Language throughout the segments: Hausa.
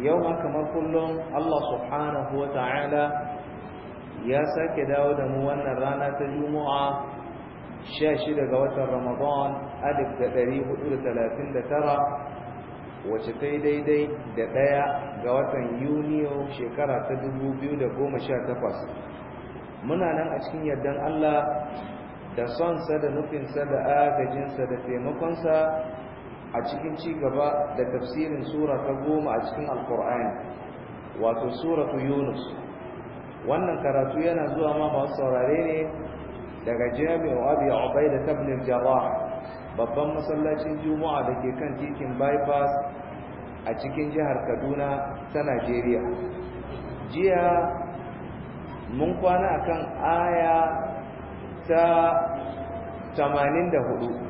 yau ma kamar kullum Allah subhanahu wa ta'ala ya sake dawo da mu wannan rana ta juma'a 16 ga watan ramadan 1439 wacce ta yi daidai da ɗaya ga watan yuniyo shekara ta 2018 muna nan a cikin yardan Allah da sonsa da nufinsa da agajinsa da taimakonsa a cikin ci gaba da tafsirin sura ta goma a cikin alkur'ani wato suratu yunus wannan karatu yana zuwa ma masu saurare ne daga jami'u abu ya obai da tabnil jarrah babban masallacin juma'a da ke kan titin bypass a cikin jihar kaduna ta najeriya jiya mun kwana akan aya ta 84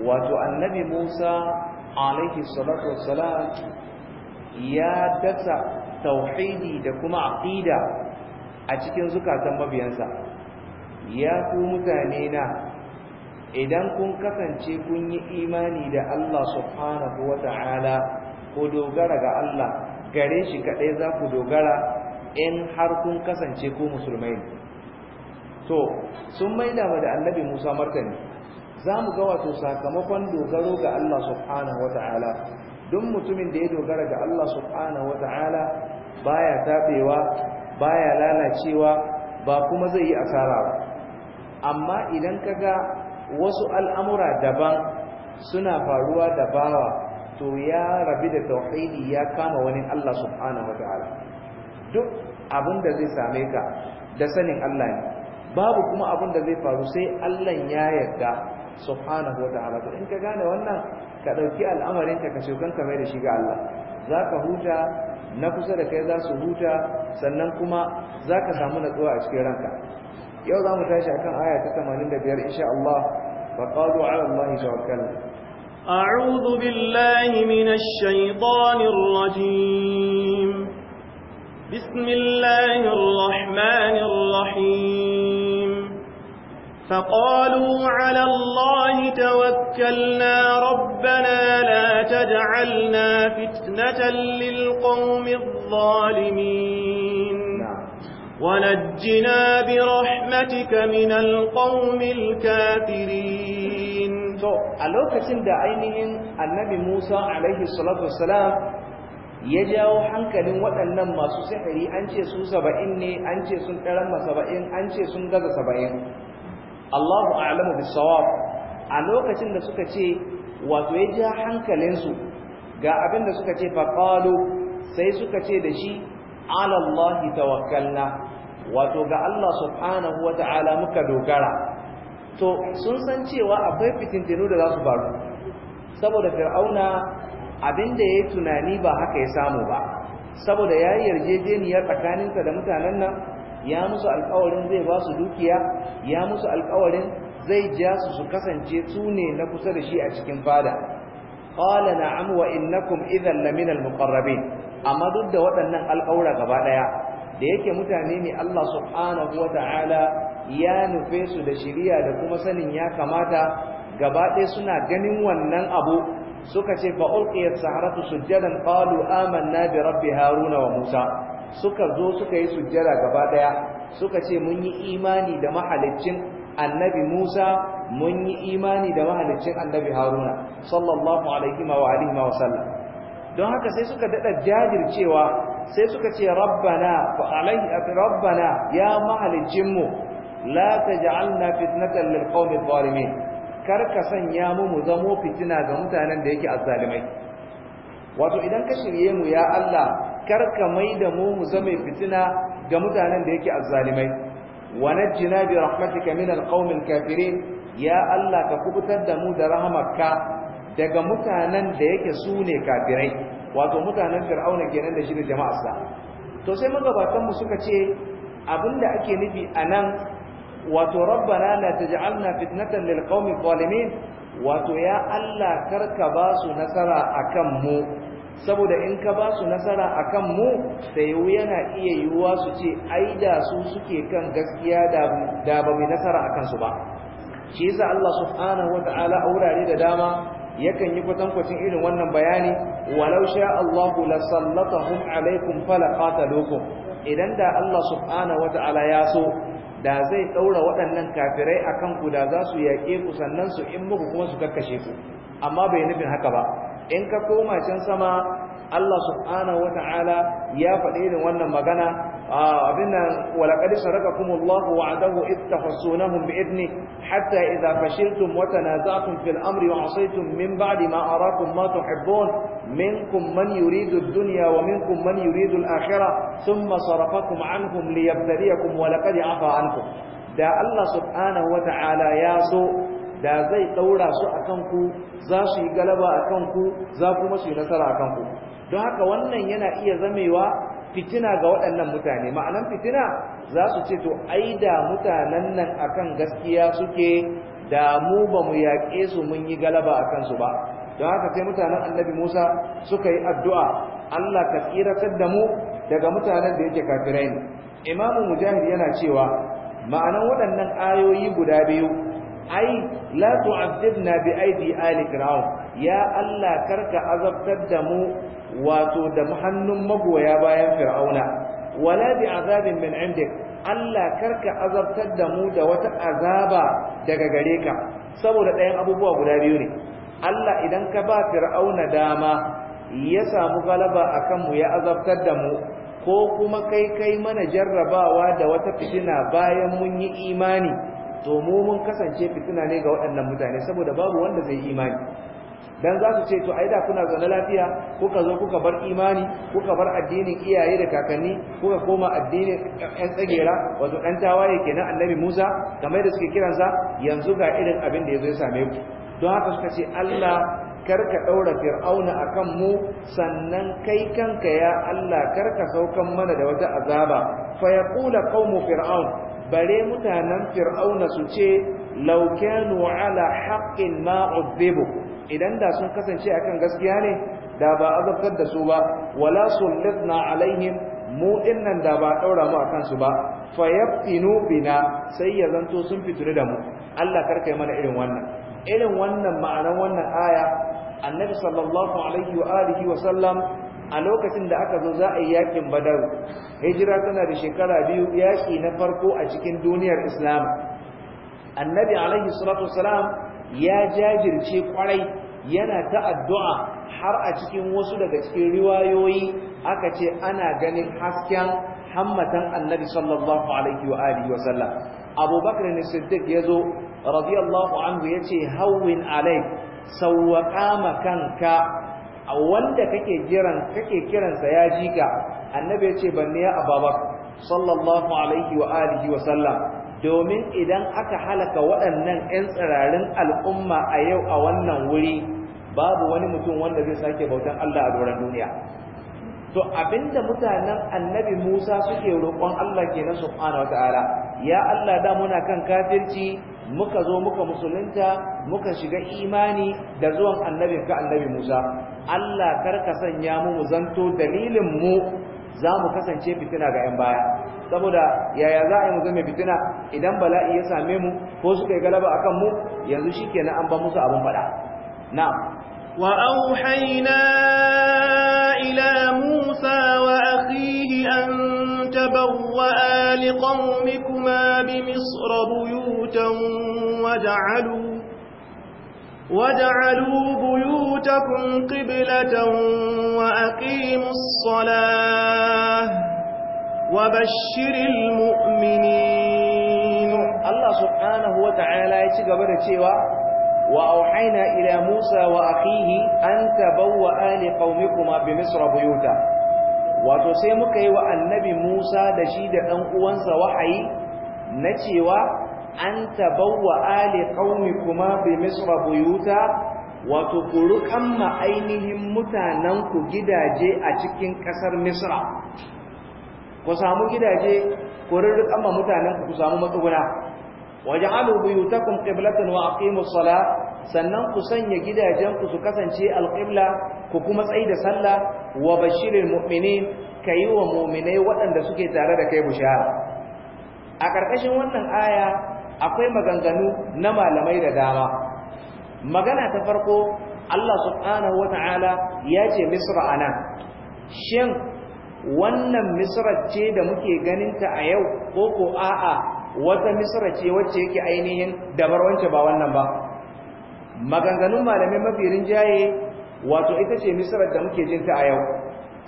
wato annabi Musa alaihi salatu wassalam ya dasa tauhidi da kuma aqida a cikin zukatan mabiyansa ya ku mutane na idan kun kasance kun yi imani da Allah subhanahu wata'ala ko dogara ga Allah gare shi kadai za ku dogara in har kun kasance ku musulmai to sun maida wa da annabi Musa martani za mu ga wato sakamakon dogaro ga Allah subhanahu ta'ala, duk mutumin da ya dogara ga Allah subhanahu ta'ala baya tabewa baya lalacewa ba kuma zai yi asara ba amma idan kaga wasu al'amura daban suna faruwa da bawa to ya rabi da tauhidi ya kama wani Allah subhanahu ta'ala. duk abin da zai same ka da sanin Allah ne babu kuma abin da zai faru sai Allah ya yarda subhanahu wa ta'ala to in ka gane wannan ka dauki al'amarin ka ka kan ka mai da shi ga Allah zaka huta na kusa da kai za su huta sannan kuma zaka samu natsuwa a cikin ranka yau za mu tashi akan aya ta 85 insha Allah fa qalu ala Allah tawakkalu a'udhu billahi minash shaitanir rajim بسم الله الرحمن فقالوا على الله توكلنا ربنا لا تجعلنا فتنة للقوم الظالمين ونجنا برحمتك من القوم الكافرين to a lokacin da ainihin annabi Musa alaihi ya jawo hankalin waɗannan masu sihiri an ce su saba'in ne an ce sun ɗaran ma saba'in an ce sun gaza saba'in Allahu a'lamu bisawab a lokacin da suka ce wato ya ja hankalinsu ga abin da suka ce faqalu sai suka ce da shi ala Allah tawakkalna wato ga Allah subhanahu wata'ala muka dogara to sun san cewa akwai fitintinu da za su faru saboda fir'auna abin da yayi tunani ba haka ya samu ba saboda yayi yarjejeniyar tsakaninsa da mutanen nan ya musu alƙawarin zai ba su dukiya ya musu alƙawarin zai ja su su kasance sune na kusa da shi a cikin fada qala na'am wa innakum idhan laminal muqarrabin amma duk da waɗannan alƙawura gaba ɗaya da yake mutane ne Allah subhanahu wa ta'ala ya nufe su da shiriya da kuma sanin ya kamata gaba suna ganin wannan abu suka ce fa ulqiyat saharatu sujjadan qalu amanna bi rabbi haruna wa musa suka zo suka yi sujjada gaba daya suka ce mun yi imani da mahalicin annabi Musa mun yi imani da mahalicin annabi Haruna sallallahu alaihi wa alihi wa sallam don haka sai suka dada jajircewa sai suka ce rabbana fa alaihi rabbana ya mahalicin mu la taj'alna fitnatan lil adh-dhalimin kar ka sanya mu mu zamo fitina ga mutanen da yake azzalimai wato idan ka shirye mu ya Allah karka mai da mu mu zama fitina ga mutanen da yake azzalimai wa najjina bi rahmatika min alqawmil kafirin ya Allah ka kubutar da mu da rahamarka daga mutanen da yake sune kafirai wato mutanen fir'auna kenan da shi da jama'arsa to sai magabatan mu suka ce abinda ake nufi anan wato rabbana la taj'alna fitnatan lilqawmi zalimin wato ya Allah karka ba su nasara akan mu saboda in ka ba su nasara a kan mu sayu yana iya yiwuwa su ce ai da su suke kan gaskiya da ba mai nasara a kansu ba shi yasa Allah subhanahu wata'ala a wurare da dama yakan yi kwatankwacin irin wannan bayani walau sha Allah la sallatahum alaikum fala qatalukum idan da Allah subhanahu wata'ala ya so da zai ɗaura waɗannan kafirai akan ku da za su yaƙe ku sannan su in muku kuma su kakkashe ku amma bai nufin haka ba in ka koma can sama Allah subhanahu wata'ala ya faɗi da wannan magana ah, abin nan walaqad sarakakumullahu wa'adahu bi bi'idni hatta idza fashiltum wa tanaza'tum fil amri wa 'asaytum min ba'di ma arakum ma tuhibbun minkum man yuridu ad-dunya wa minkum man yuridu al-akhirah thumma sarafakum 'anhum liyabtaliyakum wa laqad 'afa 'ankum da Allah subhanahu wata'ala ya so da zai ɗaura su a kanku za su yi galaba a kanku za kuma su yi nasara a kanku don haka wannan yana iya zamewa fitina ga waɗannan mutane ma'anan fitina za su ce to ai da mutanen nan akan gaskiya suke da mu ba mu yaƙe su mun yi galaba a kansu ba don haka sai mutanen annabi musa suka yi addu'a allah ka tsiratar da mu daga mutanen da yake kafirai ne imamu mujahid yana cewa ma'anan waɗannan ayoyi guda biyu ai la tu'azzibna bi aidi ali fir'aun ya Allah karka azabtar da mu wato da hannun magoya bayan fir'auna wala bi azabin min indik Allah karka azabtar da mu da wata azaba daga gare ka saboda ɗayan abubuwa guda biyu ne Allah idan ka ba fir'auna dama ya samu galaba akan mu ya azabtar da mu ko kuma kai kai mana jarrabawa da wata fitina bayan mun yi imani to mu mun kasance fitina ne ga waɗannan mutane saboda babu wanda zai imani dan za su ce to ai da kuna zaune lafiya kuka zo kuka bar imani kuka bar addinin iyaye da kakanni kuka koma addinin ƴan tsagera wato ɗan tawaye kenan annabi Musa kamar da suke kiransa yanzu ga irin abin da yazo ya same ku don haka suka ce Allah karka ɗaura fir'auna akan mu sannan kai kanka ya Allah karka saukan mana da wata azaba fa yaqulu qaumu fir'aun bare mutanen fir'auna su ce laukenu ala haƙƙin ma'ubibu idan da sun kasance akan gaskiya ne da ba azabtar da su ba wala sulitna alaihim mu dinnan da ba ɗaura mu akan su ba fayaftinu bina sai ya zanto sun fituri da mu Allah karka yi mana irin wannan irin wannan ma'anar wannan aya annabi sallallahu alaihi wa wa sallam a lokacin da aka zo za a yi yakin badaru hijira tana da shekara biyu yaki na farko a cikin duniyar islam annabi alaihi salatu wasalam ya jajirce kwarai yana ta addu'a har a cikin wasu daga cikin riwayoyi aka ce ana ganin hasken hammatan annabi sallallahu alaihi wa alihi wa sallam abubakar ne siddiq ya zo radiyallahu anhu ya ce hawwin alaik sawwaƙa kanka a wanda kake kiran kake kiransa ya ji ka annabi ya ce banne ya ababak sallallahu alaihi wa alihi wa sallam domin idan aka halaka waɗannan 'yan tsirarin al'umma a yau a wannan wuri babu wani mutum wanda zai sake bautan Allah a doron duniya to abinda mutanen annabi Musa suke roƙon Allah kenan subhanahu wataala ya Allah da muna kan kafirci muka zo muka musulunta muka shiga imani da zuwan annabin ka annabi Musa Allah karka sanya mu mu zanto dalilin mu za mu kasance fitina ga yan baya saboda yaya za a yi mu zama fitina idan bala'i ya same mu ko suka yi galaba akan mu yanzu shikenan an ba musu abin faɗa na'am wa auhayna ila Musa wa akhihi an tabawwa li qaumikuma bi misr buyut بيوتا وجعلوا وجعلوا بيوتكم قبلة وأقيموا الصلاة وبشر المؤمنين الله سبحانه وتعالى يتقبل تيوى وأوحينا إلى موسى وأخيه أن تبوأ لقومكما بمصر بيوتا wato sai muka yi wa annabi Musa da shi da ɗan uwansa wahayi na cewa an tabawwa ali kuma bi misra buyuta wato ku ma ainihin mutanen ku gidaje a cikin kasar misra ku samu gidaje ku rukan ma mutanen ku samu matsuguna waj'alu buyutakum qiblatan wa aqimus sala sannan ku sanya gidajen ku su kasance alqibla ku kuma tsayi da sallah wa bashirul mu'minin kayi wa mu'minai waɗanda suke tare da kai bushara a ƙarƙashin wannan aya akwai maganganu na malamai da dama magana ta farko Allah subhanahu wata'ala ya ce misra nan, shin wannan misra ce da muke ganinta a yau ko ko a'a wata misra ce wacce yake ainihin dabar wance ba wannan ba maganganun malamai mafi rinjaye wato ita ce misra da muke jinta a yau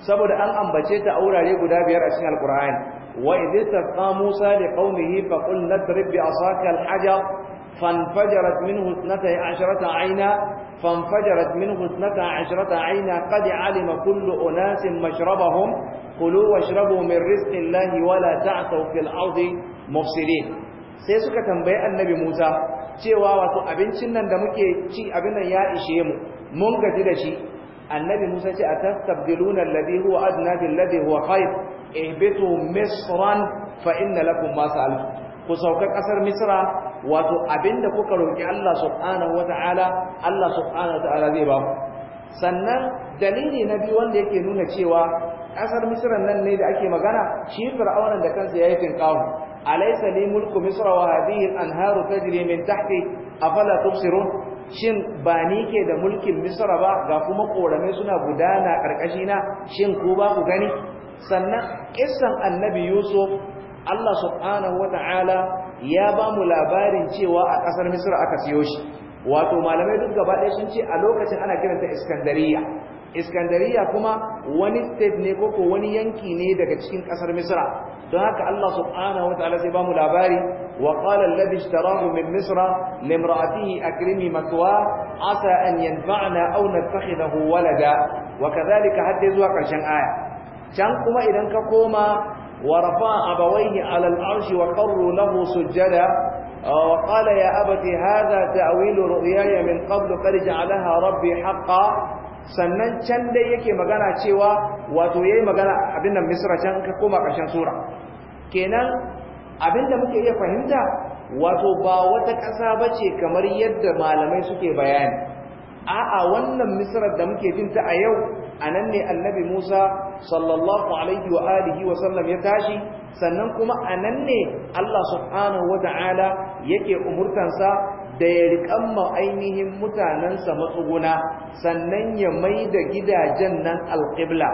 saboda an ambace ta a wurare guda biyar a cikin alkur'ani وإذ استسقى موسى لقومه فقل نضرب بعصاك الحجر فانفجرت منه اثنتا عشرة عينا فانفجرت منه اثنتا عشرة عينا قد علم كل أناس مشربهم كلوا واشربوا من رزق الله ولا تعثوا في الأرض مفسدين sai suka tambayi annabi Musa cewa wato abincin nan da muke ci abin nan ya ishe mu mun gaji da shi annabi Musa ce atastabdiluna alladhi huwa adna billadhi huwa khair ihbitu misran fa inna lakum ma sa'altu ku sauka kasar misra wato abinda kuka roki Allah subhanahu wataala Allah subhanahu wataala zai ba sannan dalili na biyu wanda yake nuna cewa kasar misra nan ne da ake magana shi fir'aunan da kansa yayi tinkawo alaysa li mulku misra wa hadhihi al-anharu tajri min tahti afala tubsirun shin ba ni ke da mulkin misra ba ga kuma korame suna gudana karkashi na shin ku ba ku gani sannan isan annabi yusuf Allah subhanahu Ta'ala ya ba mu labarin cewa a ƙasar misir aka siyo shi wato malamai duk gaba ɗaya sun ce a lokacin ana kiranta iskandariya iskandariya kuma wani state ne ko wani yanki ne daga cikin kasar misra don haka Allah subhanahu Ta'ala sai bamu labari wa qala alladhi ishtarahu min misra limra'atihi akrimi matwa asa an yanfa'na aw natakhidahu walada wa kadhalika hadda zuwa karshen aya can kuma idan ka koma wa rafa abawaihi ala al'arshi wa qarru lahu sujjada wa qala ya abati hadha ta'wilu ru'yaya min qabl qad ja'alaha rabbi haqqan sannan can dai yake magana cewa wato yayi magana abin nan misra can ka koma ƙarshen sura kenan abin da muke iya fahimta wato ba wata ƙasa bace kamar yadda malamai suke bayani a'a wannan misrar da muke jin ta a yau anan ne annabi Musa sallallahu alaihi wa alihi wa sallam ya tashi sannan kuma a nan ne Allah subhanahu wa ta'ala yake umurtansa da ya riƙan ainihin mutanensa matsuguna sannan ya mai da gidajen nan alƙibla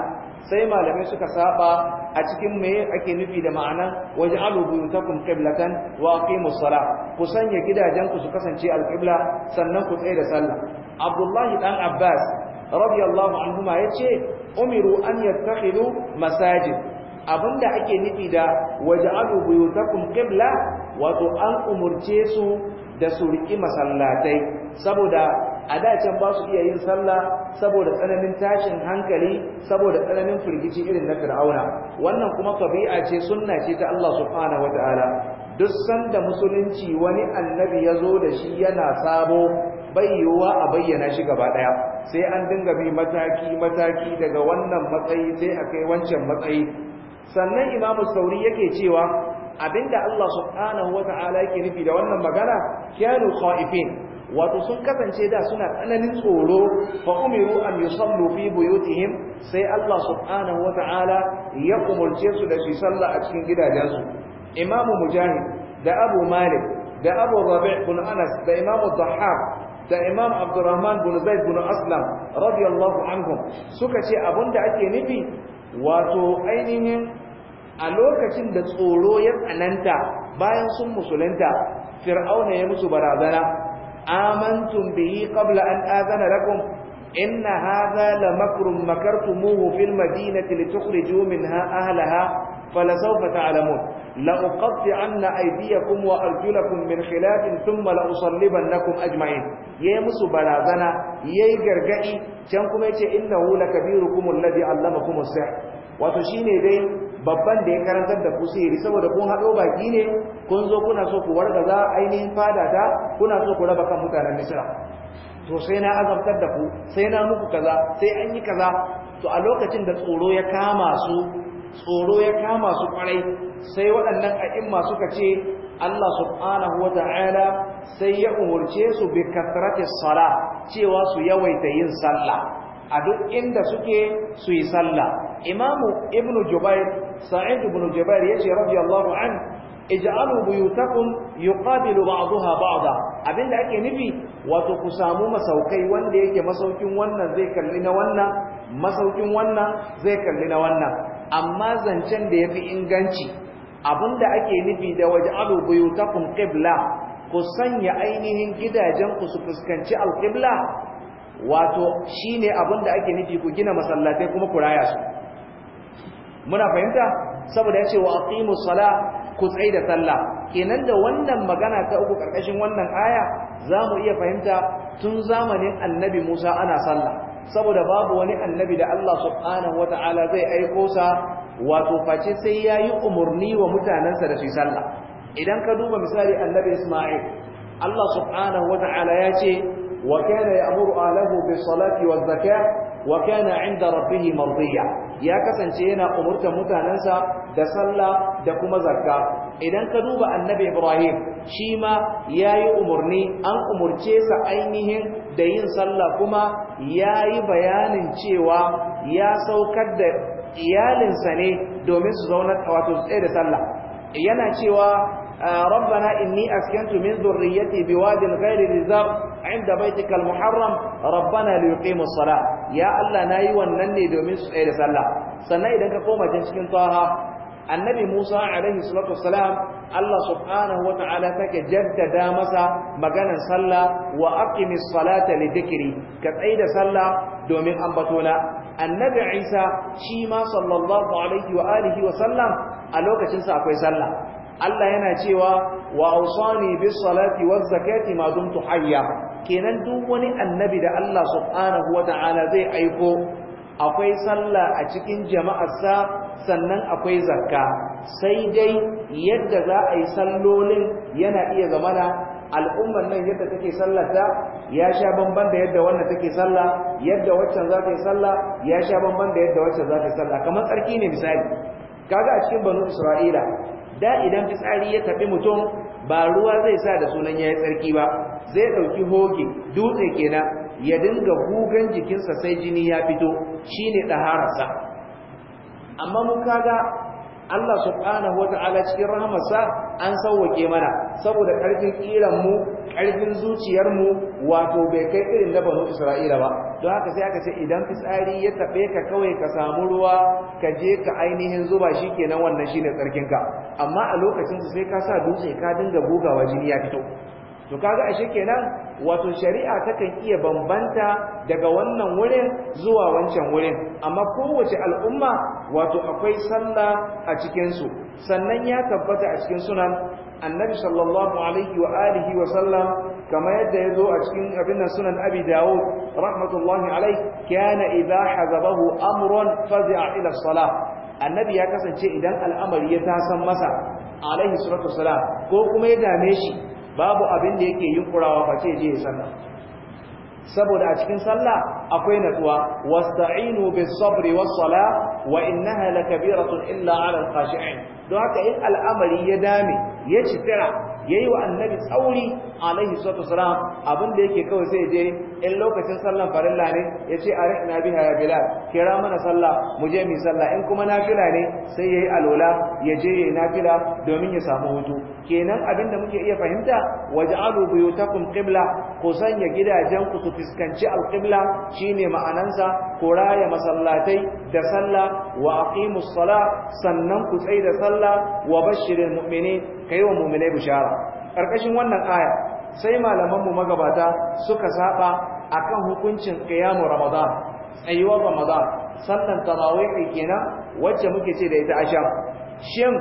sai malamai suka saba a cikin me ake nufi da ma'ana waje kun qiblatan wa aqimus salah ku sanya gidajen ku su kasance alƙibla sannan ku tsaye da sallah Abdullahi dan Abbas radiyallahu anhuma yace umiru an yattakhidu masajid abinda ake nufi da waj'alu buyutakum qibla wato an umarce su da su masallatai saboda a da can ba su iya yin sallah saboda tsananin tashin hankali saboda tsananin firgici irin na fir'auna wannan kuma tabi'a ce sunna ce ta Allah subhanahu wataala duk sanda musulunci wani annabi ya zo da shi yana sabo bai yiwuwa a bayyana shi gaba ɗaya, sai an dinga bi mataki mataki daga wannan matsayi sai a kai wancan matsayi sannan imamu sauri yake cewa abinda Allah subhanahu wata'ala yake nufi da wannan magana kyanu khaifin wato sun kasance da suna tsananin tsoro fa umiru an yusallu fi buyutihim sai Allah subhanahu wata'ala ya umurce su da su salla a cikin gidajensu imamu mujahid da abu malik da abu rabi' bin anas da imamu dhahab da imam abdurrahman bin zaid bin aslam radiyallahu anhum suka ce abinda ake nufi wato ainihin a lokacin da tsoro ya tsananta bayan sun musulunta fir'auna ya musu barazana amantum bihi qabla an azana lakum inna hadha lamakrun makartumuhu fil madinati litukhriju minha ahlaha falasawfa ta'lamun لأقطعن أيديكم وأرجلكم من خلاف ثم لأصلبنكم أجمعين يا مسو بلازنا يا غرغدي can kuma yace innahu lakabirukum alladhi allamakum as wato shine dai babban da ya karantar da ku sihiri saboda kun hado baki ne kun zo kuna so ku wargaza ainihin fada ta kuna so ku raba kan mutanen Misira? to sai na azabtar da ku sai na muku kaza sai an yi kaza to a lokacin da tsoro ya kama su tsoro ya kama su kwarai sai waɗannan a'imma suka ce Allah subhanahu wata'ala sai ya umurce su bi kasrati sala cewa su yawaita yin sallah a duk inda suke su yi sallah imamu ibn jubair sa'id ibn jubair yace radiyallahu an ij'alu buyutakum yuqabilu ba'daha ba'da abinda ake nufi wato ku samu masaukai wanda yake masaukin wannan zai kalli na wannan masaukin wannan zai kalli na wannan amma zancen da ya fi inganci abinda ake nufi da waje buyu ta kun ƙibla ku sanya ainihin ku su fuskanci alƙibla wato shi ne abinda ake nufi ku gina masallatai kuma ku raya su muna fahimta saboda ya ce wa aqimu sala ku tsaye da sallah kenan da wannan magana ta uku ƙarƙashin wannan aya za mu iya fahimta tun zamanin annabi musa ana sallah saboda babu wani annabi da Allah subhanahu wata'ala zai aiko sa wato face sai yayi umurni wa mutanansa da su sallah idan ka duba misali annabi Isma'il Allah subhanahu wata'ala ya ce wa kana ya'muru alahu bis salati waz zakah wa kana inda rabbihi mardiya ya kasance yana umurtar mutanansa da sallah da kuma zakka idan ka duba annabi Ibrahim shi ma yayi umurni an umurce sa ainihin da yin sallah kuma yayi bayanin cewa ya saukar da iyalinsa ne domin su zauna wato tsaye da sallah yana cewa ah, rabbana inni askantu min dhurriyyati biwadin ghairi rizab inda baitikal muharram rabbana liyuqimu as-salah ya Allah na yi wannan ne domin su tsaya sallah sannan idan ka koma can cikin taha annabi Musa alaihi salatu Allah subhanahu wa ta'ala take jaddada masa maganar sallah wa aqimis salata li dhikri ka tsaida sallah domin ambatona annabi Isa shi ma sallallahu alaihi wa alihi wa sallam a lokacinsa akwai sallah Allah yana cewa wa awsani bis salati waz zakati ma dumtu hayya kenan duk wani annabi da Allah subhanahu wata'ala zai aiko akwai sallah a cikin jama'arsa sannan akwai zakka sai dai yadda za a yi sallolin yana iya zamana al'ummar nan yadda take sallata ya sha bamban da yadda wannan take sallah yadda waccan za ta yi sallah ya sha bamban da yadda waccan za ta yi sallah kamar tsarki ne misali kaga a cikin banu isra'ila da idan fitsari ya tafi mutum ba ruwa zai sa da sunan ya yi tsarki ba zai ɗauki hoge dutse kenan ya dinga gugan jikinsa sai jini ya fito shi ne ɗaharasa amma mun kaga Allah subhanahu wata'ala cikin rahamarsa an sauwake mana saboda ƙarfin ƙiran mu ƙarfin zuciyar mu wato bai kai irin na banu Isra'ila ba don haka sai aka ce idan fitsari ya taɓe ka kawai ka samu ruwa ka je ka ainihin zuba shi kenan wannan shine tsarkin ka amma a lokacin sai ka sa dutse ka dinga bugawa jini ya fito to kaga ashe kenan wato shari'a takan iya bambanta daga wannan wurin zuwa wancan wurin amma kowace al'umma wato akwai sallah a cikin su sannan ya tabbata a cikin sunan annabi sallallahu alaihi wa alihi wa sallam kama yadda ya zo a cikin abin sunan abi dawud rahmatullahi alaihi kana idza hazabahu amrun fazi'a ila salah annabi ya kasance idan al'amari ya tasan masa alaihi salatu wasalam ko kuma ya dame shi babu abin da yake yunkurawa face je sallah saboda a cikin sallah akwai natsuwa wasta'inu bis sabri was sala wa innaha lakabiratun illa 'ala khashiin don haka in al'amari ya dame ya ya yayi wa annabi tsauri alaihi salatu wasalam abin da yake kawai sai je in lokacin sallan farilla ne ya ce a rihna biya ya bilal kira mana sallah mu je mu sallah in kuma nafila ne sai yayi alola ya je yayi nafila domin ya samu hutu kenan abin da muke iya fahimta waj'alu buyutakum qibla ku sanya gidajen ku su fuskanci alqibla shine ma'anansa ku raya masallatai da sallah wa aqimus sala sannan ku tsai da sallah wa bashirin mu'minin kai wa mu'minai bishara karkashin wannan aya sai malamanmu magabata suka saba akan hukuncin qiyamu ramadan tsayuwar ramadan sannan tarawih kenan wacce muke ce da ita asham shin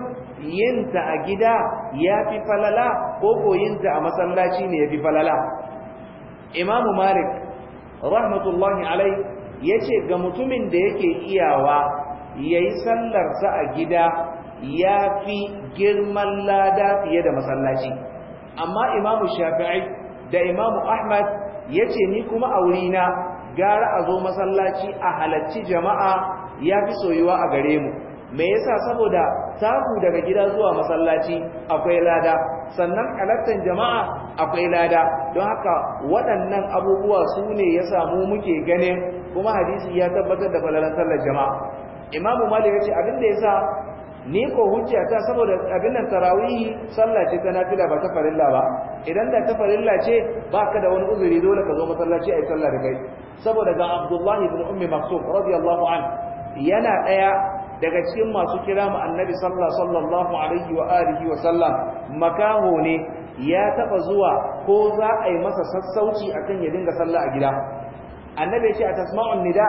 yinta a gida ya fi falala ko ko ta a masallaci ne ya fi falala imamu malik rahmatullahi alai yace ga mutumin da yake iyawa yayi yi sallarsa a gida ya fi girman lada fiye da masallaci amma imamu shafi'i da imamu ahmad ya ce ni kuma a wuri na, gara a zo masallaci a halarci jama'a ya fi soyuwa a gare mu me yasa saboda taku daga gida zuwa masallaci akwai lada sannan halartar jama'a akwai lada don haka waɗannan abubuwa su ne ya samu muke ganin kuma hadisi ya tabbatar da falalar sallar jama'a imamu malik ya ce abin da yasa ni ko hujja ta saboda abin nan tarawihi sallah ce ta nafila ba ta farilla ba idan da ta farilla ce baka da wani uzuri dole ka zo masallaci ai sallah da kai saboda ga Abdullah ibn Ummi Maktum radiyallahu anhu yana daya daga cikin masu kira mu annabi sallallahu alaihi wa alihi wa sallam makaho ne ya taba zuwa ko za a yi masa sassauci akan ya dinga sallah a gida annabi ya ce a tasma'un nida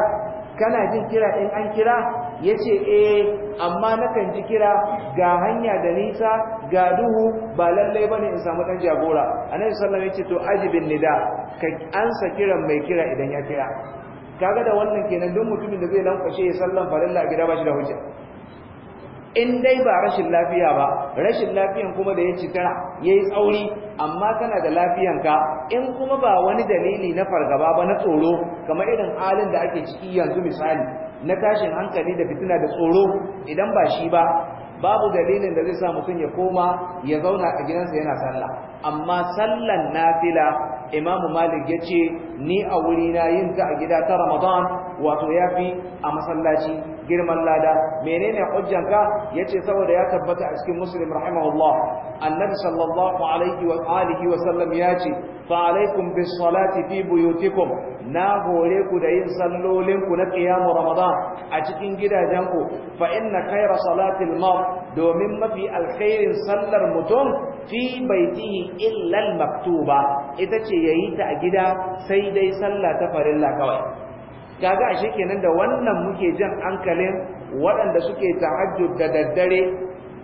kana jin kira in an kira ya ce eh amma nakan ji kira ga hanya da nisa ga duhu ba lallai ba ne in samu ɗan jagora annabi nan ya ce to ajibin nida ka ansa kiran mai kira idan ya kira kaga da wannan kenan don mutumin da zai lankwashe ya sallan farilla gida ba shi da hujja in dai ba rashin lafiya ba rashin lafiyan kuma da ya ci tara ya yi tsauri amma kana da lafiyanka in kuma ba wani dalili na fargaba ba na tsoro kamar irin halin da ake ciki yanzu misali na tashin hankali da fitina da tsoro idan ba shi ba babu dalilin da zai sa mutum ya koma ya zauna a gidansa yana sallah amma sallan nafila imamu malik ya ce ni a wuri na yin ta a gida ta ramadan wato ya fi a masallaci girman lada menene hujjanka ya ce saboda ya tabbata a cikin muslim rahimahullah annabi sallallahu alaihi wa alihi wa sallam ya ce fa alaikum bis salati fi buyutikum na hore ku da yin sallolin ku na qiyamu ramadan a cikin gidajen ku fa inna khayra salatil mar domin mafi alkhairin sallar mutum fi baitihi illa al maktuba ita ce yayi ta a gida sai dai sallah ta farilla kawai kaga ashe kenan da wannan muke jan hankalin waɗanda suke tahajjud da daddare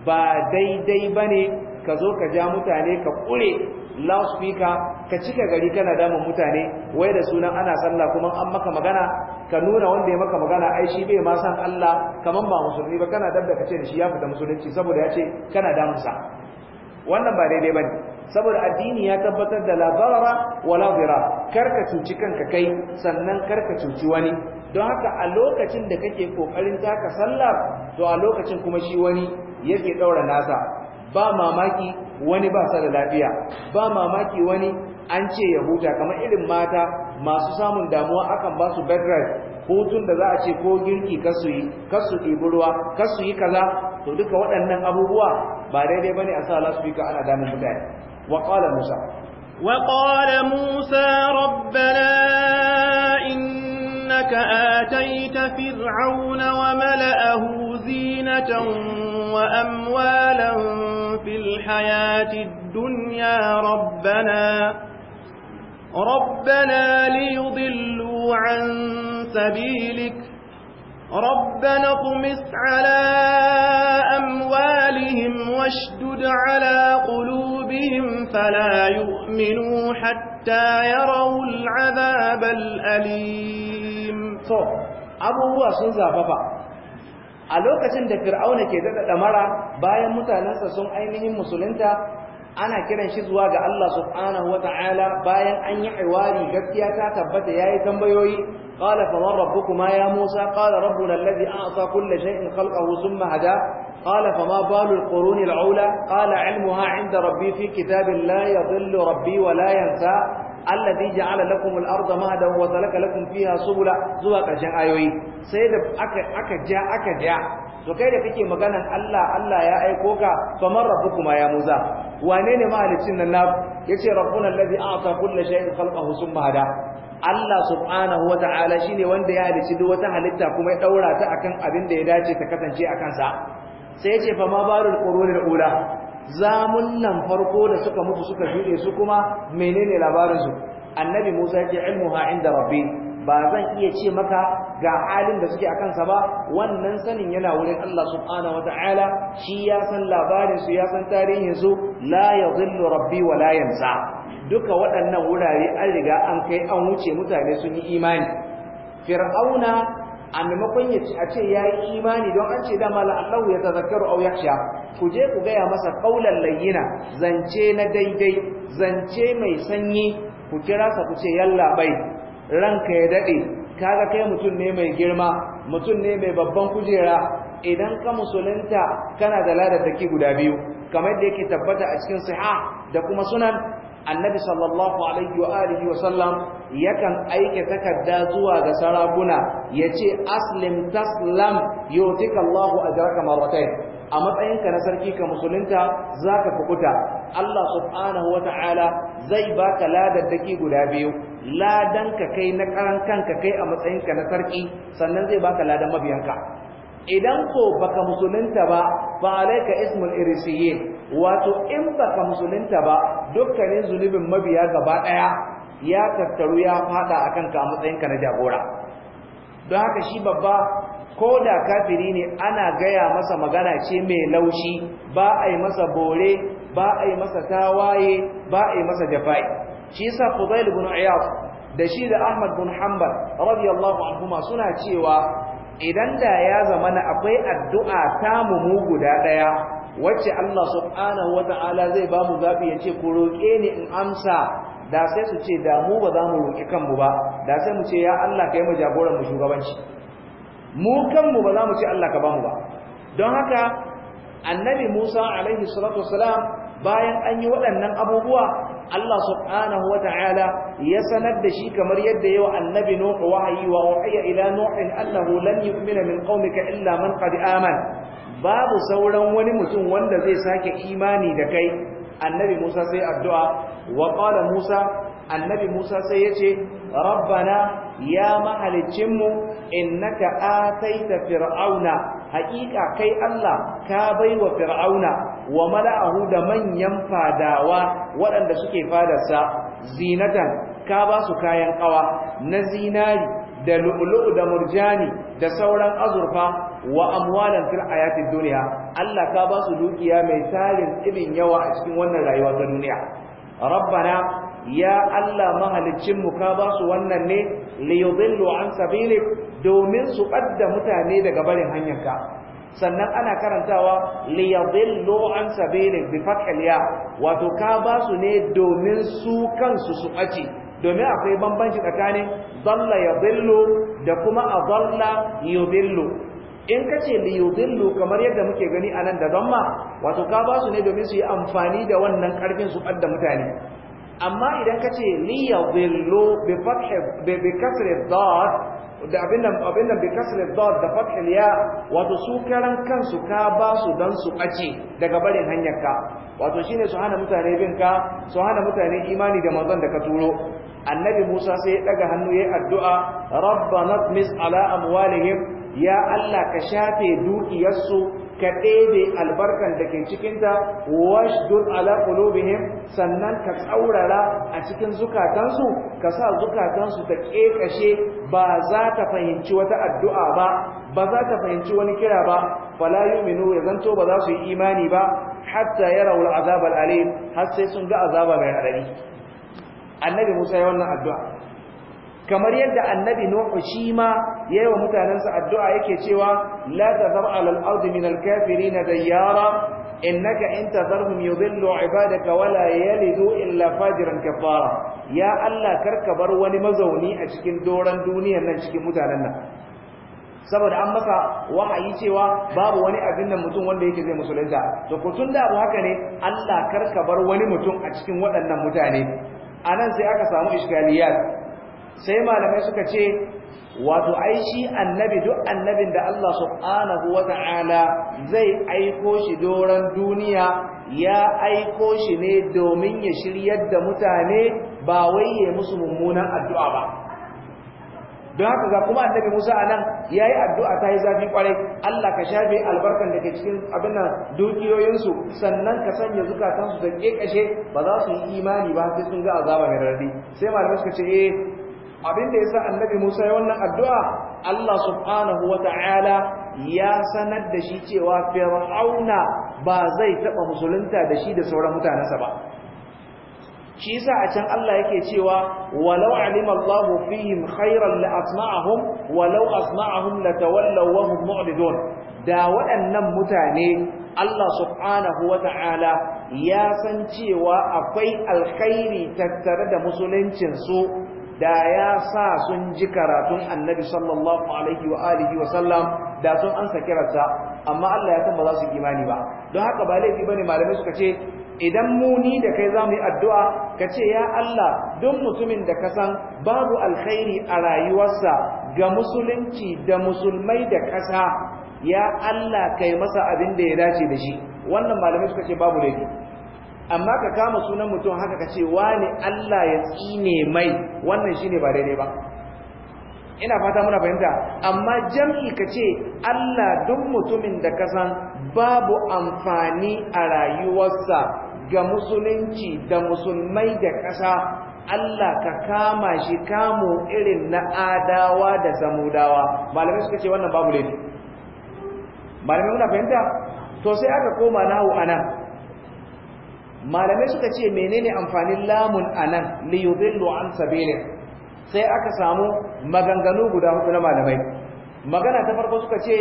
ba daidai bane ka zo ka ja mutane ka kure loudspeaker ka cika gari kana damun mutane wai da sunan ana sallah kuma an maka magana ka nuna wanda ya maka magana ai shi bai ma san Allah kaman ba musulmi ba kana dabda kace da shi ya fita musulunci saboda ya ce kana damun sa wannan ba daidai bane saboda addini ya tabbatar da la zarara wala kar ka cuci kanka kai sannan kar ka cuci wani don haka a lokacin da kake kokarin taka sallar to a lokacin kuma shi wani yake daura nasa ba mamaki wani ba sa da lafiya ba mamaki wani an ce ya huta kamar irin mata masu samun damuwa akan ba su bed rest hutun da za a ce ko girki kasu yi kasu ɗibi ruwa kasu yi kaza to duka waɗannan abubuwa ba daidai bane a sa lasfika ana damun mutane wa qala musa wa qala musa rabbana innaka ataita fir'auna wa mala'ahu zinatan wa amwalan في الحياة الدنيا ربنا ربنا ليضلوا عن سبيلك ربنا اطمس على أموالهم واشدد على قلوبهم فلا يؤمنوا حتى يروا العذاب الأليم أبو sun zafafa a lokacin da fir'auna ke daɗa ɗamara bayan mutanensa sun ainihin musulunta ana kiran shi zuwa ga Allah subhanahu wa ta'ala bayan an yi iwari gaskiya ta tabbata yayi tambayoyi qala fa man ya musa qala rabbuna alladhi a'ta kulla shay'in khalqahu thumma hada qala fa ma balu alquruni alula qala ilmuha 'inda rabbi fi kitabin laya yadhillu rabbi wa la allazi ja'ala lakum al-ardha mahdan wa salaka lakum fiha subula zuwa ƙarshen ayoyi sai da aka aka ja aka ja to kai da kake maganan Allah Allah ya aiko ka kamar rabbukuma ya muza wane ne mahalicin nan naku yace rabbuna allazi a'ta kulli shay'in khalqahu summa hada Allah subhanahu wata'ala shine wanda ya halicci duk wata halitta kuma ya daura ta akan abin da ya dace ta kasance akan sa sai yace fa ma barul qurunil ula zamun nan farko da suka mutu suka juɗe su kuma menene labarin su annabi Musa ya ce ilmuha inda rabbi ba zan iya ce maka ga halin da suke akan sa ba wannan sanin yana wurin Allah subhanahu wataala shi ya san labarin su ya san tarihin su la yadhillu rabbi wa la yansa duka waɗannan wurare an riga an kai an wuce mutane sun yi imani fir'auna a maimakon ya a ce ya yi imani don an ce dama la'allahu ya tazakkaru aw yakhsha ku je ku gaya masa qaulan layyina zance na daidai zance mai sanyi ku kira sa ku ce yalla bai ranka ya dade kaga kai mutum ne mai girma mutum ne mai babban kujera idan ka musulunta kana da ladar guda biyu kamar da yake tabbata a cikin sahih da kuma sunan annabi sallallahu alaihi wa alihi wa sallam yakan aike takarda zuwa ga sarakuna yace aslim taslam yutika Allahu ajraka marratayn a matsayinka na sarki ka musulunta zaka fukuta Allah subhanahu wa ta'ala zai baka ladaddaki guda biyu ladan ka kai na karan kanka kai a matsayinka na sarki sannan zai baka ladan mabiyanka idan ko baka musulunta ba fa alayka ismul irisiyin wato in ba ka musulunta ba dukkanin zunubin mabiya gaba ɗaya ya tattaru ya fada a kanka matsayin ka na jagora don haka shi babba ko da kafiri ne ana gaya masa magana ce mai laushi ba a yi masa bore ba a yi masa tawaye ba a yi masa jafai shi sa Fudail bin da shi da Ahmad bin Hanbal radiyallahu ma suna cewa idan da ya zama na akwai addu'a ta mu guda daya wacce Allah subhanahu zai ba mu ya yace ku roƙe ni in amsa da sai su ce da mu ba za mu roƙi kanmu ba da sai mu ce ya Allah kai mu jagoran mu shugabanci mu kanmu ba za mu ce Allah ka ba mu ba don haka annabi Musa alaihi salatu wassalam bayan an yi waɗannan abubuwa Allah subhanahu ya sanar da shi kamar yadda yawa annabi Nuhu wahayi wa wahiya ila Nuh annahu lan yu'mina min qaumika illa man qad amana babu sauran wani mutum wanda zai sake imani da kai annabi Musa sai addu'a wa qala Musa annabi Musa sai yace rabbana ya mahalicinmu innaka ataita fir'auna haƙiƙa kai Allah ka baiwa fir'auna wa mala'ahu da manyan fadawa waɗanda suke fadarsa zinatan ka ba su kayan ƙawa na zinari da lu'lu'u da murjani da sauran azurfa wa amwalan fil hayatid dunya Allah ka ba su dukiya mai tarin ibin yawa a cikin wannan rayuwar ta duniya rabbana ya Allah mahalicin mu ka ba su wannan ne li yudillu an sabilik domin su badda mutane daga barin hanyarka sannan ana karantawa li yudillu an sabilik bi fathil ya wato ka ba su ne domin su kansu su ɓace domin akwai bambanci tsakanin dalla da kuma a yudillu in ka ce liyudillu kamar yadda muke gani a nan da zamma wato ka ba su ne domin su yi amfani da wannan karfin su ɓadda mutane amma idan ka ce liyudillu bi fathi bi da abin nan bi da fathi ya wato su karan kansu ka ba su don su ɓace daga barin hanyar ka wato shine su hana mutane bin ka su hana mutane imani da manzon da ka turo annabi Musa sai ya daga hannu ya yi addu'a rabbana mis ala amwalihim ya Allah ka shafe dukiyarsu ka ɗebe albarkan da ke cikinta washdud ala qulubihim sannan ka tsaurara a cikin zukatansu ka sa zukatansu ta kekashe ba za ta fahimci wata addu'a ba ba za ta fahimci wani kira ba fala yu'minu ya zanto ba za su yi imani ba hatta yarau al'azab al'alim har sai sun ga azaba mai radadi annabi Musa ya wannan addu'a kamar yadda annabi nuhu shi ma yi wa mutanansa addu'a yake cewa la tazar alal ardi min al kafirin dayyara innaka in tazarhum yudillu ibadaka wala yalidu illa fajiran kafara ya Allah karka bar wani mazauni a cikin doran duniyar nan cikin mutanen nan saboda an maka wahayi cewa babu wani abin nan mutum wanda yake zai musulunta to ko tun da abu haka ne Allah karka bar wani mutum a cikin waɗannan mutane anan sai aka samu iskaliyat sai malamai suka ce wato ai shi annabi duk annabin da Allah subhanahu wata'ala zai aiko shi doron duniya ya aiko shi ne domin ya shiryar da mutane ba wai ya musu mummunan addu'a ba don haka ga kuma annabi Musa anan yayi addu'a ta yi zafi kwarai Allah ka shafe albarkan da ke cikin abin nan dukiyoyinsu sannan ka sanya zukatansu da kekashe ba za su yi imani ba sai sun ga azaba mai sai malamai suka ce eh abin da yasa annabi Musa ya wannan addu'a Allah subhanahu wata'ala ya sanar da shi cewa Fir'auna ba zai taba musulunta da shi da sauran mutanensa ba shi yasa a can Allah yake cewa walau alima Allahu fihim khairan la asma'ahum walau asma'ahum latawallaw wa hum mu'ridun da waɗannan mutane Allah subhanahu wata'ala ya san cewa akwai alkhairi tattare da musuluncinsu da ya sa sun ji karatun annabi sallallahu alaihi wa alihi wa sallam da sun ansa kiransa amma Allah ya san ba za su imani ba don haka ba laifi bane malamai suka ce idan mu ni da kai za mu yi addu'a ka ce ya Allah don mutumin da ka san babu alkhairi a rayuwarsa ga musulunci da musulmai da kasa ya Allah kai masa abin da ya dace da shi wannan malamai suka ce babu laifi amma ka kama sunan mutum haka ka ce wani Allah ya tsine mai wannan shine ba daidai ba ina fata muna fahimta amma jam'i ka ce Allah duk mutumin da ka babu amfani a rayuwarsa ga musulunci da musulmai da ƙasa Allah ka kama shi kamo irin na adawa da samudawa malamai suka ce wannan babu ne malamai muna fahimta to sai aka koma nahu anan malamai suka ce menene amfanin lamun anan li yudillu an sabili sai aka samu maganganu guda hudu na malamai magana ta farko suka ce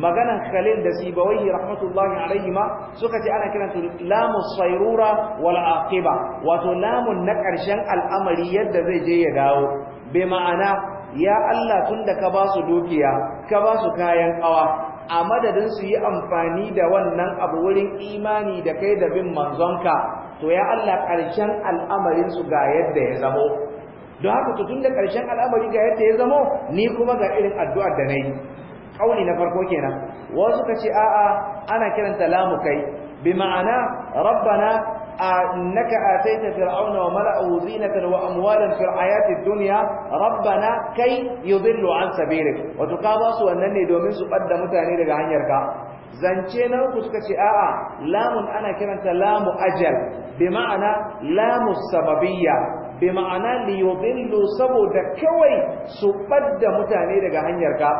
maganan Khalil da Sibawaihi rahmatullahi alaihi ma suka ce ana kiranta lamu sayrura wal aqiba wato lamun na ƙarshen al'amari yadda zai je ya dawo bai ma'ana ya Allah tunda ka ba su dukiya ka ba su kayan kawa a madadin su yi amfani da wannan abu wurin imani da kai da bin manzonka to ya Allah ƙarshen al'amarin su ga yadda ya zamo don haka to tun da ƙarshen al'amari ga yadda ya zamo ni kuma ga irin addu'ar da nayi kauli na farko kenan wasu ka ce a'a ana kiranta lamu kai bi ma'ana rabbana أنك آتيت فرعون وملأه زينة وأموالا في الحياة الدنيا ربنا كي يضلوا عن سبيلك وتقابصوا أنني دومين سبدا متاني لك عن يركع zance na uku suka ce a'a lamun ana kiranta lamu ajal bi ma'ana lamu sababiyya bi ma'ana li yudillu saboda kawai su badda mutane daga hanyar ka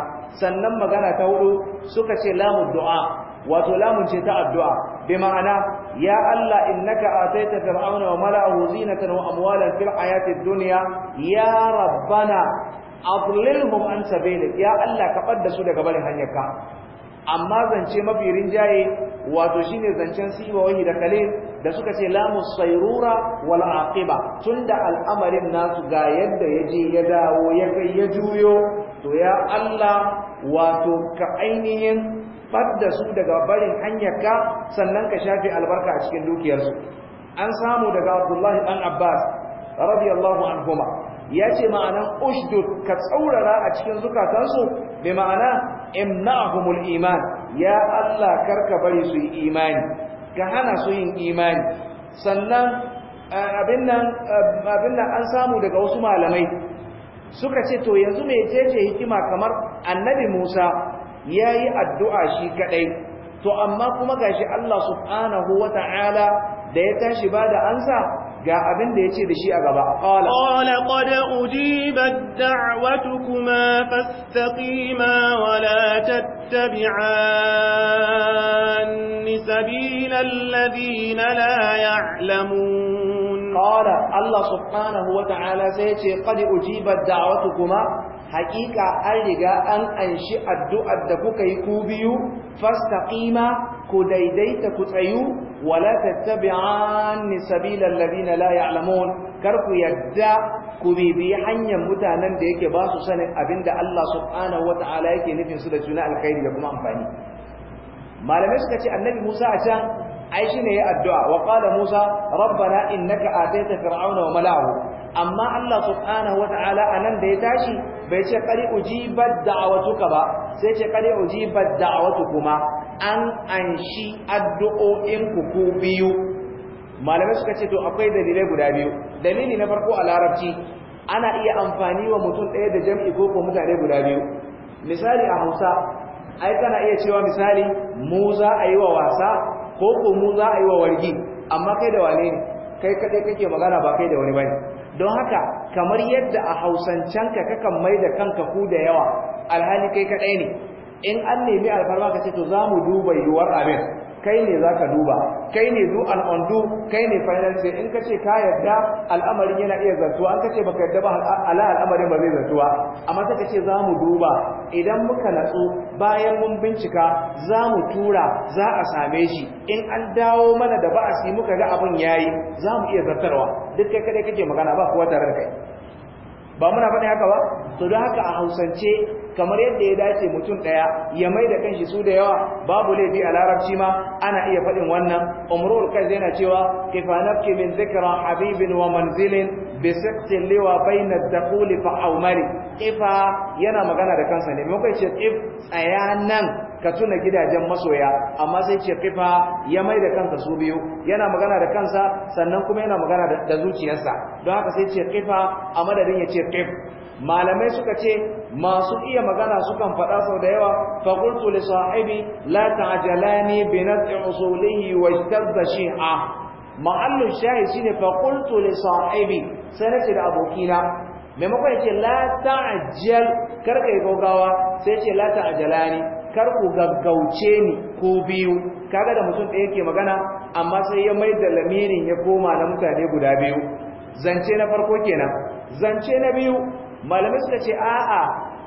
sannan magana ta hudu suka ce wato lamun ce ta addu'a bi ma'ana ya Allah innaka ataita fir'auna wa mala'ahu zinatan wa amwalan fil hayatid dunya ya rabbana adlilhum an sabilik ya Allah ka bar da su daga barin hanyarka amma zance mafi rinjaye wato shine zancen siba wahi da kale da suka ce la musayrura wal tunda al'amarin nasu ga yadda yaje ya dawo ya kai ya juyo to ya Allah wato ka ainihin fadda su daga barin hanyarka sannan ka shafi albarka a cikin dukiyarsu an samu daga abdullahi dan abbas radiyallahu anhuma ya ce ma'anan ushdud ka tsaurara a cikin zukatansu bi ma'ana imna'ahumul iman ya Allah karka bari su yi imani ka hana su yin imani sannan abin nan an samu daga wasu malamai suka ce to yanzu mai ce hikima kamar annabi Musa yayi addu'a shi kadai to amma kuma shi Allah subhanahu wata'ala da ya tashi bada ansa ga abin da ce da shi a gaba qala qala qad ujibat da'watukuma fastaqima wa la tattabi'an sabila na laya ya'lamun qala Allah subhanahu wata'ala sai yace qad ujibat kuma. haƙiƙa an riga an anshi addu'ar da kuka yi ku biyu ƙima, ku daidaita ku tsayu wala tattabi'anni sabilal ladina la ya'lamun kar ku yadda ku bibiyi hanyar mutanen da yake ba su sanin abinda Allah subhanahu wata'ala yake nufin su da juna alkhairi da kuma amfani malamai suka ce annabi Musa a can ai shine ya addu'a wa qala Musa rabbana innaka ataita fir'auna wa malau amma Allah subhanahu a nan da ya tashi bai ce qad ujibat da'watuka ba sai ce qad ujibat kuma an anshi addu'o'in ku biyu malamai suka ce to akwai dalilai guda biyu dalili na farko a larabci ana iya amfani wa mutum ɗaya da jam'i ko kuma mutane guda biyu misali a Hausa ai kana iya cewa misali mu za a yi wa wasa ko ko mu za a yi wa wargi amma kai da wane ne kai kake magana ba kai da wani bane don haka kamar yadda a hausancanka kakan mai da kanka ku da yawa alhali kai kaɗai ne in an nemi alfarma ka ce to za mu duba yiwuwar abin kai ne za ka duba kai ne zu an kai ne final in ka ce ka yarda al'amarin yana iya zartuwa an ka ce baka yarda ba ala al'amarin ba zai zartuwa amma sai ka ce za mu duba idan muka natsu bayan mun bincika za mu tura za a same shi in an dawo mana da ba'asi muka ga abin yayi za mu iya zartarwa duk kai kadai kake magana ba kowa tare da kai ba muna faɗin haka ba to don haka a hausance kamar yadda ya dace mutum ɗaya ya mai da kanshi su da yawa babu laifi a larabci ma ana iya faɗin wannan umrul kai yana cewa kifanafki min zikra habibin wa manzilin bi siqtin liwa bayna dakhuli fa aumari kifa yana magana da kansa ne maimakon ce if tsaya nan ka tuna gidajen masoya amma sai ce kifa ya mai da kansa su biyu yana magana da kansa sannan kuma yana magana da zuciyarsa don haka sai ce kifa a madadin ya ce kif malamai suka ce masu iya magana sukan faɗa sau da yawa faƙultu li sahibi la ta'jalani bi nad'i usulihi wa ishtadda shi'a ma'allul shahi shine faƙultu li sahibi sai nace da abokina maimakon ya ce la ta'jal karka yi gaugawa sai ce la ta'jalani kar ku gaggauce ni ko biyu kaga da mutum ɗaya ke magana amma sai ya mai da lamirin ya koma na mutane guda biyu zance na farko kenan zance na biyu malamai suka ce a'a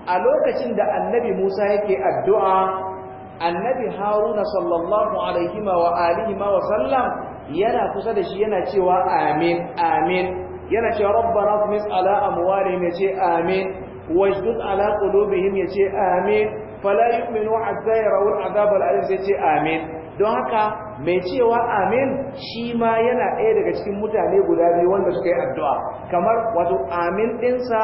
a lokacin da annabi Musa yake addu'a annabi Haruna sallallahu alaihi wa alihi wa sallam yana kusa da shi yana cewa amin amin yana cewa rabbana tumis ala amwalihim yace amin wajdud ala qulubihim yace amin fala yu'minu hatta yarawul azab al'alim sai ce amin don haka mai cewa amin shi ma yana ɗaya daga cikin mutane guda biyu wanda suka yi addu'a kamar wato amin ɗinsa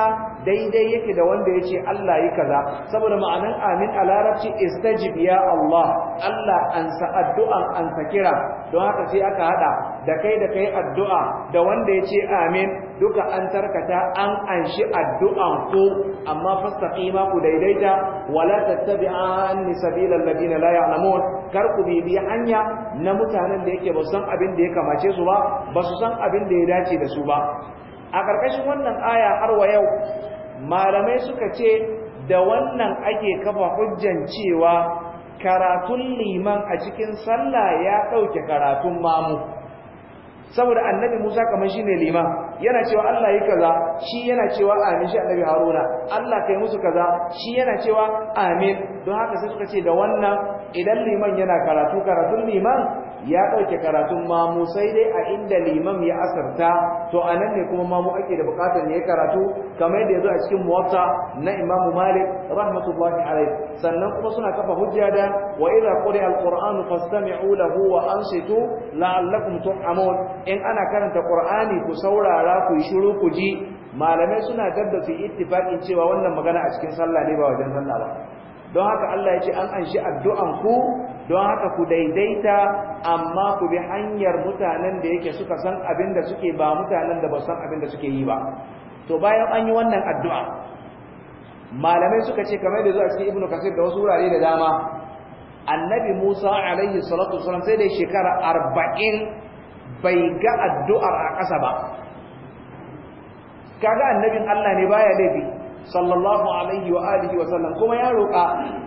daidai yake da wanda ya ce Allah yi kaza saboda ma'anin amin a larabci istajib ya Allah Allah ansa addu'an ansa kira don haka sai aka haɗa da kai da kai addu'a da wanda ya ce amin duka an tarkata an anshi addu'an ku amma fastaqima ku daidaita wala tattabi'an sabilal ladina la ya'lamun kar ku bi hanya na mutanen da yake ba san abin da ya kamace su ba ba su san abin da ya dace da su ba a karkashin wannan aya har wa yau malamai suka ce da wannan ake kafa hujjan cewa karatun liman a cikin sallah ya ɗauke karatun mamu saboda annabi Musa kamar shine lima yana cewa Allah yi kaza shi yana cewa amin shi annabi Haruna Allah kai musu kaza shi yana cewa amin don haka sai suka ce da wannan idan liman yana karatu karatun liman ya ɗauke karatun mamu sai dai a inda limam ya asarta to a nan ne kuma mamu ake da bukatar ya karatu kamar yadda ya zo a cikin muwatta na imamu malik rahmatullahi alaihi sannan kuma suna kafa hujja da wa idza quri'a alqur'anu fastami'u lahu wa ansitu la'allakum turhamun in ana karanta ƙur'ani ku saurara ku yi shiru ku ji malamai suna dabda su ittifaqin cewa wannan magana a cikin sallah ne ba wajen sallah ba don haka Allah ya ce an anshi addu'an ku don haka ku daidaita amma ku bi hanyar mutanen da yake suka san abin da suke ba mutanen da ba san abin da suke yi ba to bayan an yi wannan addu'a malamai suka ce kamar da zuwa cikin ibnu kasir da wasu wurare da dama annabi musa alaihi salatu wasalam sai dai shekara arba'in bai ga addu'ar a ƙasa ba kaga annabin allah ne baya laifi sallallahu alaihi wa alihi wa sallam kuma ya roƙa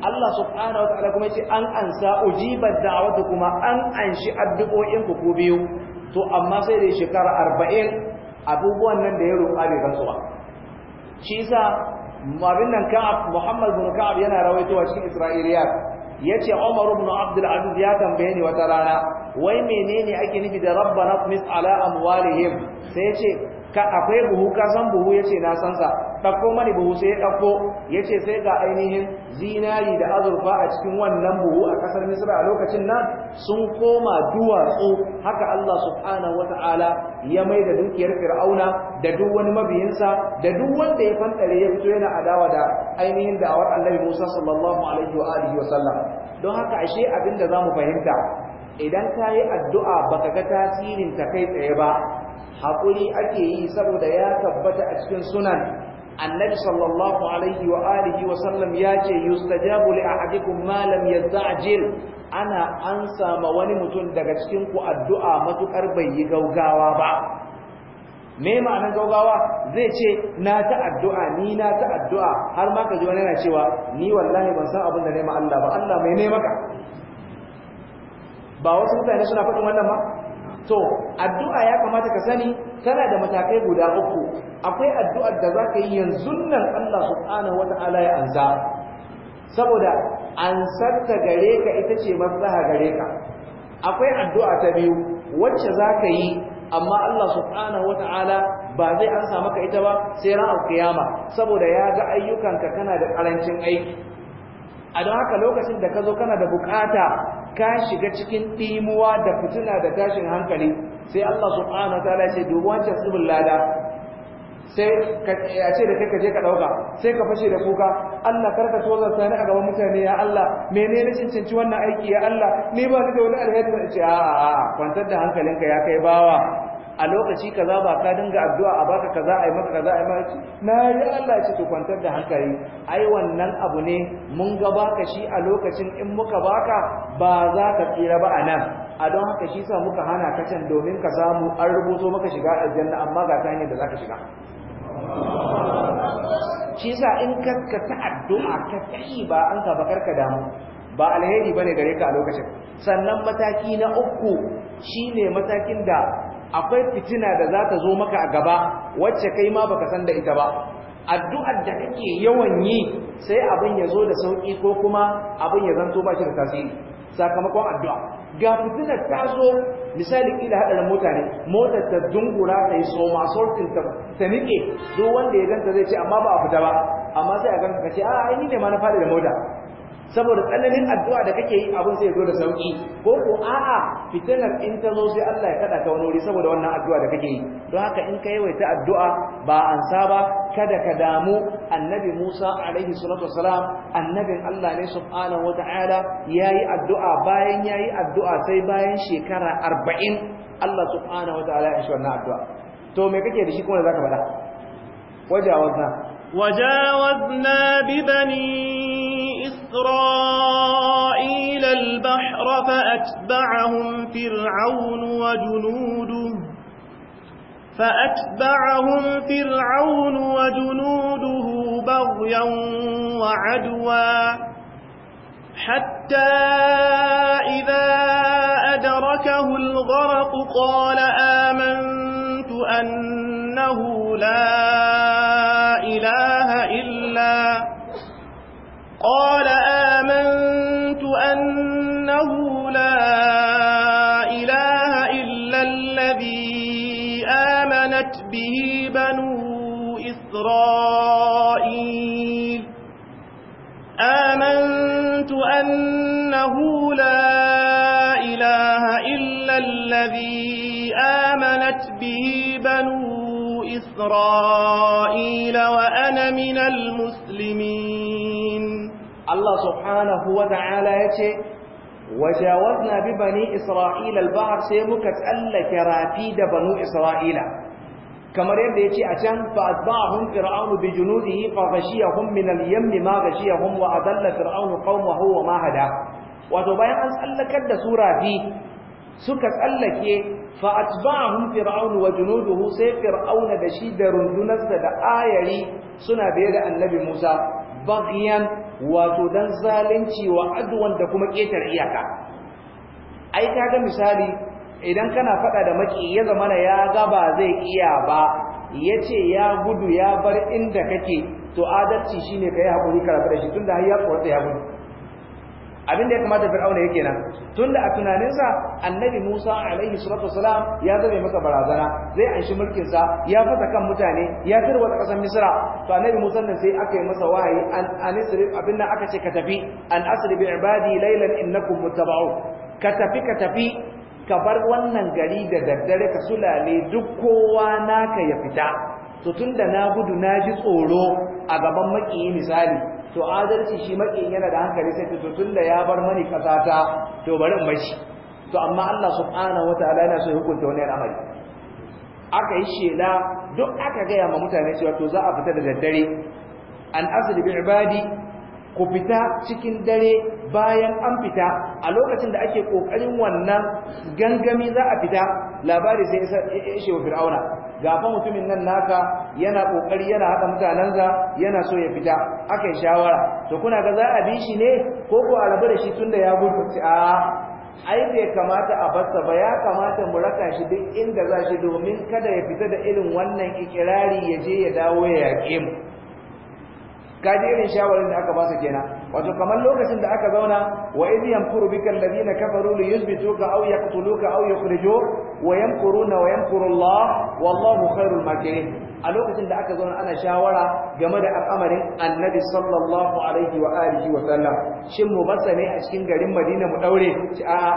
Allah subhanahu wa ta'ala kuma yace an ansa ujibat da'watu kuma an anshi addu'o'in ku ko biyu to amma sai da shekara 40 abubuwan nan da ya roƙa bai gansu ba shi yasa abin nan Ka'ab Muhammad bin Ka'ab yana rawaitowa cikin isra'iliya yace Umar ibn Abdul Aziz ya tambaye ni wata rana wai menene ake nufi da rabbana tmis ala amwalihim sai yace ka akwai buhu ka san buhu yace na san sa ɗauko mani buhu sai ya ɗauko ya ce sai ga ainihin zinari da azurfa a cikin wannan buhu a ƙasar misra a lokacin nan sun koma duwatsu haka allah subhanahu wa ta'ala ya mai da dukiyar fir'auna da duk wani mabiyinsa da duk wanda ya fantare ya fito yana adawa da ainihin da'awar annabi musa sallallahu alaihi wa alihi wa sallam don haka ashe abin da za mu fahimta idan ta yi addu'a baka ga tasirin ta kai tsaye ba haƙuri ake yi saboda ya tabbata a cikin sunan annabi sallallahu alaihi wa alihi wa sallam ya ce yustajabu li ahadikum ma lam yasta'jil ana an sama wani mutum daga cikin ku addu'a matukar bai yi gaugawa ba me ma'anar gaugawa zai ce na ta addu'a ni na ta addu'a har ma ka ji wani yana cewa ni wallahi ban san abin da nema Allah ba Allah mai nema ka ba wasu mutane suna faɗin wannan ba to addu'a ya kamata ka sani tana da matakai guda uku akwai addu'ar da za ka yi yanzu nan Allah subhanahu wata'ala ya anza. saboda ansarta gare ka ita ce maslaha gare ka akwai addu'a ta biyu wacce za ka yi amma Allah subhanahu wata'ala ba zai ansa maka ita ba sai ranar kiyama saboda ya ga ayyukanka kana da karancin aiki a don haka lokacin da ka zo kana da bukata ka shiga cikin timuwa da fituna da tashin hankali sai Allah subhanahu wa ta'ala ya ce wancan tsibin lada sai a ce da kai ka je ka dauka sai ka fashe da kuka Allah karka tozar sani a gaban mutane ya Allah menene cincinci wannan aiki ya Allah ni ba ni da wani alheri da ce a'a kwantar da hankalinka ya kai bawa a lokaci kaza ba ka dinga addu'a a baka kaza ai maka kaza ai maka na yi Allah ya ce to kwantar da hankali ai wannan abu ne mun ga baka shi a lokacin in muka baka ba za ka tsira ba a nan a don haka shi sa muka hana ka domin ka samu an rubuto maka shiga aljanna amma ga ta hanyar da ka shiga shi sa in ka ta addu'a ka tayi ba an ka bakar ka damu ba alheri bane gare ka a lokacin sannan mataki na uku shine matakin da akwai fitina da za ta zo maka a gaba wacce kai ma baka san da ita ba addu'ar da kake yawan yi sai abin ya zo da sauki ko kuma abin ya zanto ba shi da tasiri sakamakon addu'a ga fitinar ta zo misali kila hadarin mota ne motar ta dungura ta yi so ma sortin ta ta nike duk wanda ya ganta zai ce amma ba a fita ba amma sai a ganka ka ce a ai ni ne ma na fadi da mota saboda tsananin addu'a da kake yi abin sai zo da sauki ko ko a'a fitinar in ta zo sai Allah ya kada ka wani wuri saboda wannan addu'a da kake yi don haka in ka yawaita addu'a ba an saba kada ka damu annabi Musa alaihi salatu wasalam annabin Allah ne subhanahu wata'ala yayi addu'a bayan yayi addu'a sai bayan shekara 40 Allah subhanahu wata'ala ya shi wannan addu'a to me kake da shi kuma zaka faɗa wajawazna wajawazna bibani إسرائيل البحر فأتبعهم فرعون وجنوده فأتبعهم فرعون وجنوده بغيا وعدوا حتى إذا أدركه الغرق قال آمنت أنه لا قال آمنت أنه لا إله إلا الذي آمنت به بنو إسرائيل آمنت أنه لا إله إلا الذي آمنت به بنو إسرائيل وأنا من المسلمين Allah subhanahu wa ta'ala yace wajawazna bi bani isra'ila al sai muka tsallake rafi da banu isra'ila kamar yadda ya ce a can fa azbahum fir'aunu bi junudihi fa ghashiyahum min al-yamm ma ghashiyahum wa adalla fir'aunu qaumahu wa ma hada wato bayan an tsallakar da su rafi suka tsallake fa atba'ahum fir'aun wa junuduhu sai fir'auna da shi da rundunarsa da ayari suna biye da annabi Musa baghyan wato dan zalunci wa adwan da kuma ketar iyaka ai kaga misali idan kana fada da maki ya zamana ya ga ba zai iya ba yace ya gudu ya bar inda kake to adalci shine kai hakuri ka rabu da shi tunda har ya ya gudu Abinda ya kamata fir'auna yake nan tunda a tunaninsa annabi Musa alaihi salatu wasalam ya zame masa barazana zai anshi mulkin sa ya fasa kan mutane ya tarwata kasar Misra to annabi Musa nan sai aka yi masa wahayi an anisrif abin nan aka ce ka tafi an asri bi ibadi laylan innakum muttaba'u ka tafi ka tafi ka bar wannan gari da daddare ka sulale duk kowa naka ya fita to tunda na gudu na ji tsoro a gaban makiyi misali to adalci shi makin yana da hankali sai to tunda ya bar mani kasata to bari in bashi to amma Allah subhanahu wataala yana so ya hukunta wani al'amari aka yi shela duk aka gaya ma mutane cewa to za a fita da daddare an asli bi ibadi ku fita cikin dare bayan an fita a lokacin da ake kokarin wannan gangami za a fita labari sai ya ishe wa fir'auna gafa mutumin nan naka yana kokari yana haɗa za yana so ya fita aka shawara to kuna ga za a bi shi ne ko ko a rabu da shi tun da ya gudu a ai bai kamata a barsa ba ya kamata mu raka shi duk inda za shi domin kada ya fita da irin wannan ikirari ya je ya dawo ya yaƙe mu kaji irin shawarin da aka ba su kenan wato kamar lokacin da aka zauna wa idh yamkuru bika alladhina kafaru li yuthbituka aw yaqtuluka aw yukhrijuk wa yamkuruna wa yamkuru Allah wallahu khairul makirin a lokacin da aka zauna ana shawara game da al'amarin annabi sallallahu alaihi wa alihi wa sallam shin mu basa ne a cikin garin Madina mu daure ci a'a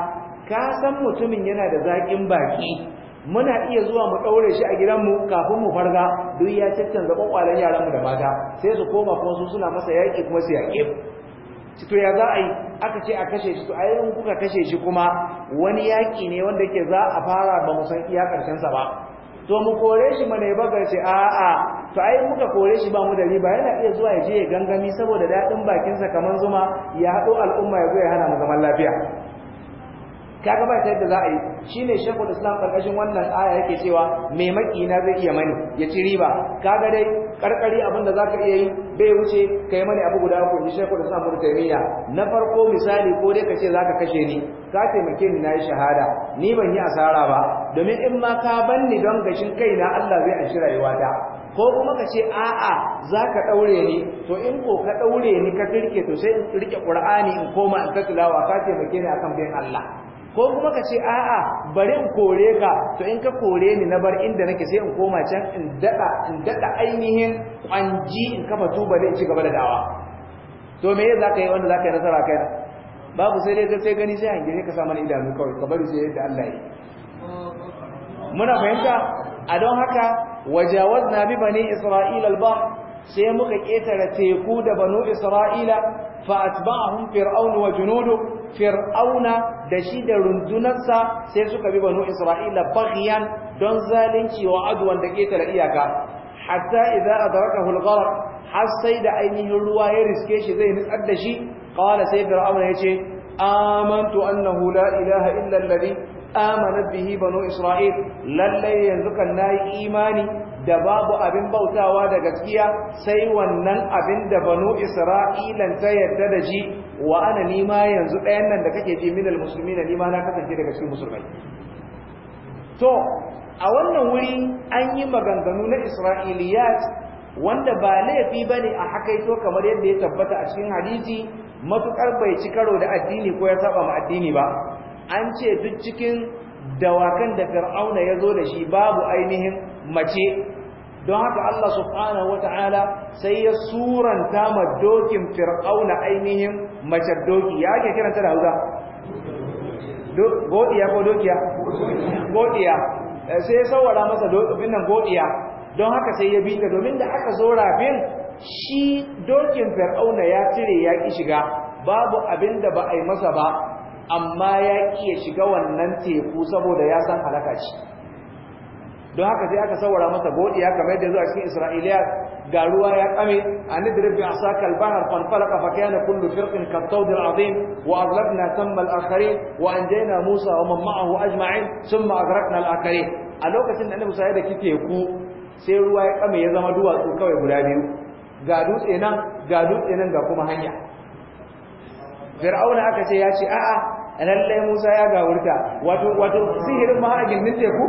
ka san mutumin yana da zakin baki muna iya zuwa mu ɗaure shi a gidanmu kafin mu farga duk ya caccanza yaran mu da mata sai su koma kuma su suna masa yaƙi kuma su yaƙe shi to ya za a yi aka ce a kashe shi to a kuka kashe shi kuma wani yaƙi ne wanda yake za a fara ba mu san iya ƙarshensa ba to mu kore shi mana ya bagar ce a a to ai muka kore shi ba mu da riba yana iya zuwa ya je ya gangami saboda daɗin bakinsa kamar zuma ya haɗo al'umma ya zo ya hana mu zaman lafiya kaga ba ta yadda za a yi shine shekul islam karkashin wannan aya yake cewa mai maki na zai iya mani ya ci riba Ka ga dai karkari abin da ka iya yi bai wuce kai mani abu guda uku ni shekul islam ibn taymiya na farko misali ko dai ka za zaka kashe ni ka taimake ni na yi shahada ni ban yi asara ba domin in ma ka banni don gashin kaina Allah zai anshi rayuwata ko kuma ka ce a'a za ka ɗaure ni to in ko ka ɗaure ni ka kirke to sai in rike ƙur'ani in koma in ta tilawa ka taimake ni akan bin Allah ko kuma ka ce a'a bari in kore ka to in ka kore ni na bar inda nake sai in koma can in dada in dada ainihin ƙwanji in kafa tuba da ci gaba da dawa to me za ka yi wanda zaka yi nasara kai babu sai dai sai gani sai an gire ka ni mana idanu kawai ka bari sai yadda Allah ya muna fahimta a don haka wajawazna bi bani isra'ila al-bahr sai muka ƙetare teku da banu isra'ila fa atba'ahum fir'aun wa junudu fir'auna da shi da rundunarsa sai suka bi banu isra'ila baghyan don zalunci wa adwan da ƙetare iyaka hatta idza adrakahu al-gharq har sai da ainihin ruwa ya riske shi zai nutsar da shi qala sai fir'auna yace amantu annahu la ilaha illa alladhi amanat bihi banu isra'il lalle yanzu kan nayi imani da babu abin bautawa da gaskiya sai wannan abin da banu isra'ilan ta yadda da ji wa ana nima yanzu ɗayan nan da kake ji minal musulmi na nima na kasance daga cikin musulmai to a wannan wuri an yi maganganu na isra'iliyat wanda ba laifi ba ne a haka hakaito kamar yadda ya tabbata a cikin hadisi matuƙar bai ci karo da addini ko ya saba ma addini ba an ce duk cikin dawakan da fir'auna ya zo da shi babu ainihin mace don haka Allah subhanahu wata'ala sai ya suranta ma dokin fir'auna ainihin macar doki ya ake kiranta da Hausa godiya ko dokiya godiya eh, sai ya saurara masa dokin nan godiya don haka sai ya bi ta domin da aka zo rafin shi dokin fir'auna ya cire ya ki shiga babu abin da ba a yi masa ba amma ya ki ya shiga wannan teku saboda ya san halaka shi don haka sai aka saurara masa godiya kamar yadda zuwa cikin isra'iliya ga ruwa ya kame an idrib bi a sakal bahar fan falaqa kai na kullu firkin kattaudin azim wa azlabna thamma al wa anjayna musa wa man ma'ahu ajma'in thumma aghraqna al akharin a lokacin da annabi sai da kike ku sai ruwa ya kame ya zama duwatsu kawai guda biyu ga dutse nan ga dutse nan ga kuma hanya fir'auna aka ce ya ce a'a lallai musa ya gawurta wato wato sihirin ma a teku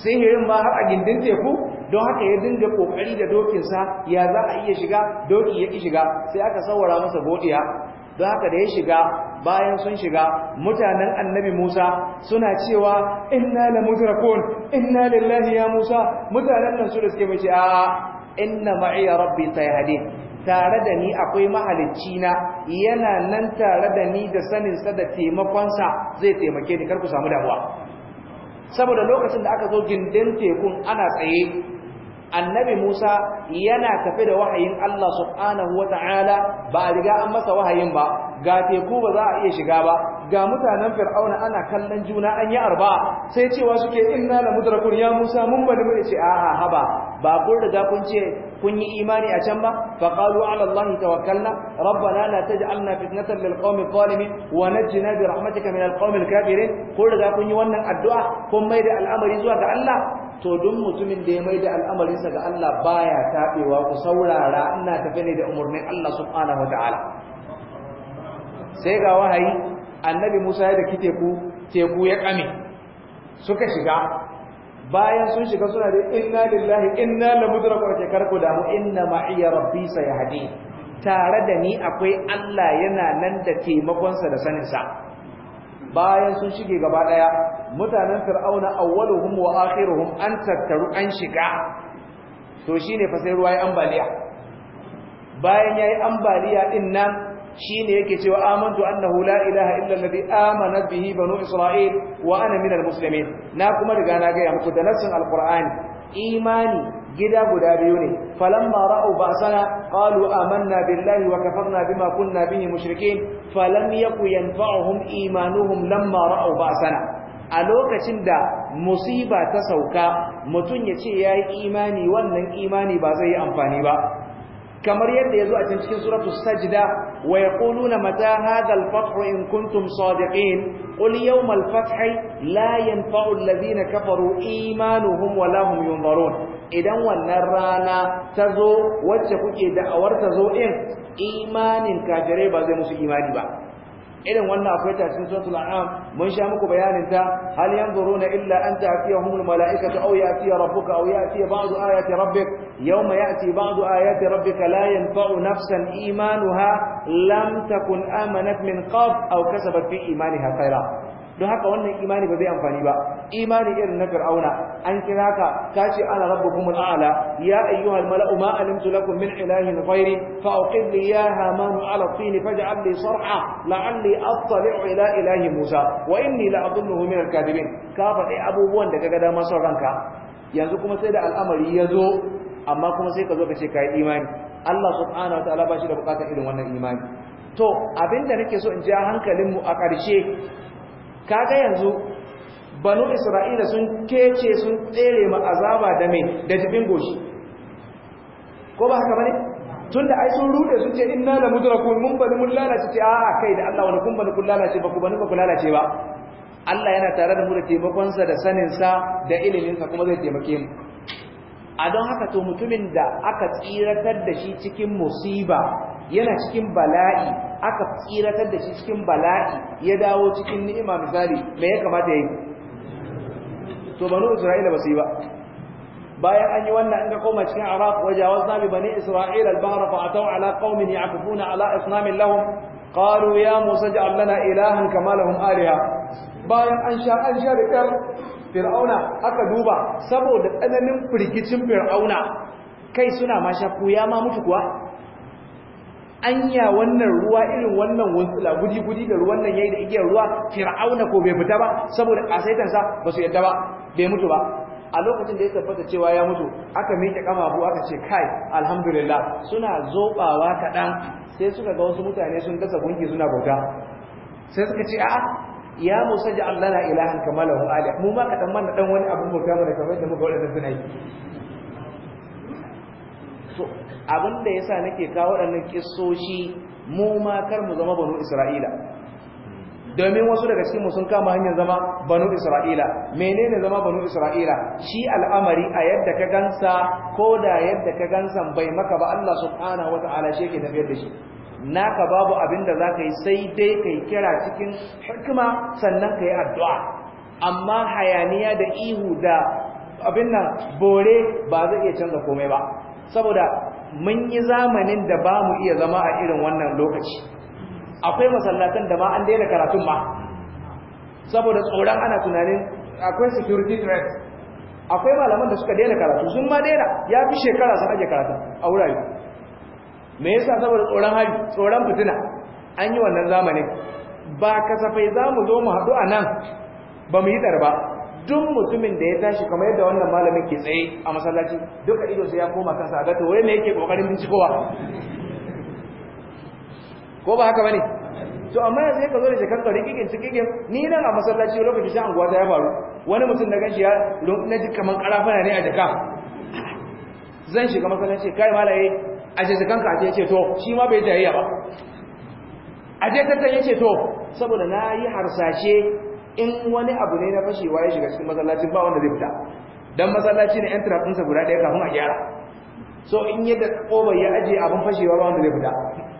sihirin ma har a gindin teku don haka ya dinga kokari da dokinsa ya za a iya shiga doki ya ki shiga sai aka saurara masa godiya don haka da ya shiga bayan sun shiga mutanen annabi Musa suna cewa inna la mudrakun inna lillahi ya Musa mutanen nan su da suke mace a inna ma'iya rabbi sayhadin tare da ni akwai mahalicci na yana nan tare da ni da saninsa da taimakonsa zai taimake ni kar ku samu damuwa saboda lokacin da aka zo gindin tekun ana tsaye annabi Musa yana tafe da wahayin Allah subhanahu wata'ala ba a riga an masa wahayin ba ga teku ba za a iya shiga ba ga mutanen fir'auna ana kallon juna an yi arba sai cewa suke inna la mudrakun ya musa mun bani mu ce a'a haba ba kun riga kun ce kun yi imani a can ba fa qalu ala allahi tawakkalna rabbana la taj'alna fitnatan lil qawmi zalimin wa najjina bi rahmatika min al qawmi al kafirin kun riga kun yi wannan addu'a kun mai da al'amari zuwa ga Allah to duk mutumin da ya mai da al'amarinsa ga Allah baya tabewa ku saurara ina tafe ne da umarnin Allah subhanahu wa ta'ala sai ga wahayi annabi Musa ya daki teku teku ya kame suka shiga bayan sun shiga suna da inna lillahi inna la mudrakun ke ku da mu inna ma'iya rabbi sayahdi tare da ni akwai Allah yana nan da taimakon sa da sanin sa bayan sun shige gaba daya mutanen fir'auna awwaluhum wa akhiruhum an tattaru an shiga to shine fa sai ruwa ya ambaliya bayan yayi ambaliya din nan Shi ne yake cewa amantu annahu la ilaha illa alladhi amana bihi banu isra'il wa ana minal muslimin na kuma riga na gaya muku da nassin alqur'ani imani gida guda biyu ne falamma ra'u ba'sana qalu amanna billahi wa kafarna bima kunna bihi mushrikeen falam yaku yanfa'uhum imanuhum lamma ra'u ba'sana a lokacin da musiba ta sauka mutum ya ce ya yi imani wannan imani ba zai yi amfani ba kamar yadda yazo a cikin suratu sajda wa yaquluna mata hadha al in kuntum sadiqin qul yawm al la yanfa'u alladhina kafaru imanuhum wa lahum yunzarun idan wannan rana tazo wacce kuke da'awarta tazo din imanin kafirai ba zai musu imani ba irin wannan akwai ta cikin suratul an'am mun sha muku bayanin ta hal yanzuruna illa an ta'tiyahumul mala'ikatu aw ya'tiya rabbuka aw ya'tiya ba'du ayati rabbik yawma ya'ti ba'du ayati rabbika la yanfa'u nafsan imanuha lam takun amanat min qab aw kasabat fi imaniha khayra don haka wannan imani ba zai amfani ba imani irin na fir'auna an kira ka ka ce ana rabbukum al'ala ya ayyuha al-mala'u ma alimtu lakum min ilahin ghairi fa uqid li ya haman ala tin faj'al li sarha la'alli attali'u ila ilahi musa wa inni la'adunnuhu min al-kadibin ka faɗi abubuwan da kaga dama son ranka yanzu kuma sai da al'amari ya zo amma kuma sai ka zo ka ce kai imani Allah subhanahu wa ta'ala ba shi da bukatar irin wannan imani to abinda nake so in ja hankalinmu a ƙarshe kaga yanzu banu isra'ila sun kece sun tsere ma azaba da mai da jibin goshi ko ba haka bane tunda ai sun rude sun ce inna la mudrakun mun bani mun lalace ce a'a kai da Allah wani kun bani kun lalace ba ku bani ba ku lalace ba Allah yana tare da mu da taimakonsa da saninsa da iliminsa kuma zai taimake mu a don haka to mutumin da aka tsiratar da shi cikin musiba yana cikin bala'i aka tsiratar da shi cikin bala'i ya dawo cikin ni'ima misali me ya kamata yayi to banu isra'ila ba su yi ba bayan an yi wannan an ga koma cikin araf wa jawazna bani isra'ila al-bahra fa ataw ala qaumin yaqufuna ala asnamin lahum qalu ya musa ja'al lana ilahan kama lahum aliha bayan an sha an sha fir'auna aka duba saboda tsananin firgicin fir'auna kai suna ma shakku ya ma mutu kuwa anya wannan ruwa irin wannan wunsula gudi-gudi da ruwan nan yayi da igiyar ruwa fir'auna ko bai fita ba saboda kasaitansa ba su yadda ba bai mutu ba a lokacin da ya tabbata cewa ya mutu aka miƙe kamabu aka ce kai alhamdulillah suna zobawa kaɗan sai suka ga wasu mutane sun dasa gunki suna bauta sai suka ce a'a ya musa ji Allah lana ilahan kamala lahu alih mu ma kaɗan dan mana dan wani abun bauta mana kamar da muka wadannan suna yi so abin da yasa nake kawo wadannan kissoshi mu ma kar mu zama banu isra'ila domin wasu daga cikin mu sun kama hanyar zama banu isra'ila menene zama banu isra'ila shi al'amari a yadda ka gansa ko da yadda ka gansa bai maka ba Allah subhanahu ta'ala shi yake tafiyar da shi naka babu abin da za ka yi sai dai ka yi kira cikin hikima sannan ka yi addu'a amma hayaniya da ihu da abin nan bore ba zai iya canza komai ba saboda mun yi zamanin da ba mu iya zama a irin wannan lokaci akwai masallatan da ma an daina karatun ma saboda tsoron ana tunanin akwai security threat akwai malaman da suka daina karatu sun ma daina ya fi shekara sun ajiye karatu a wurare me yasa saboda tsoron hari tsoron fitina an yi wannan zamanin ba kasafai za mu zo mu haɗu a nan ba mu yi ɗarba duk mutumin da ya tashi kamar yadda wannan malamin ke tsaye a masallaci a ido sai ya koma kansa a gata wani ne yake kokarin bincikowa ko ba haka bane to amma yanzu ya zo da shekar tsari kigin cikin ni nan a masallaci lokaci shan anguwa ta ya faru wani mutum na ganshi ya na ji kamar karafana ne a jaka zan shiga masallaci kai malaye a jajjakanka a ce to shi ma bai jayayya ba a je ka ya ce to saboda na yi harsashe in wani abu ne na fashewa ya shiga cikin masallacin ba wanda zai fita don masallaci ne yan turafinsa guda ɗaya kafin a gyara so in yadda ƙobar ya ajiye abin fashewa ba wanda zai fita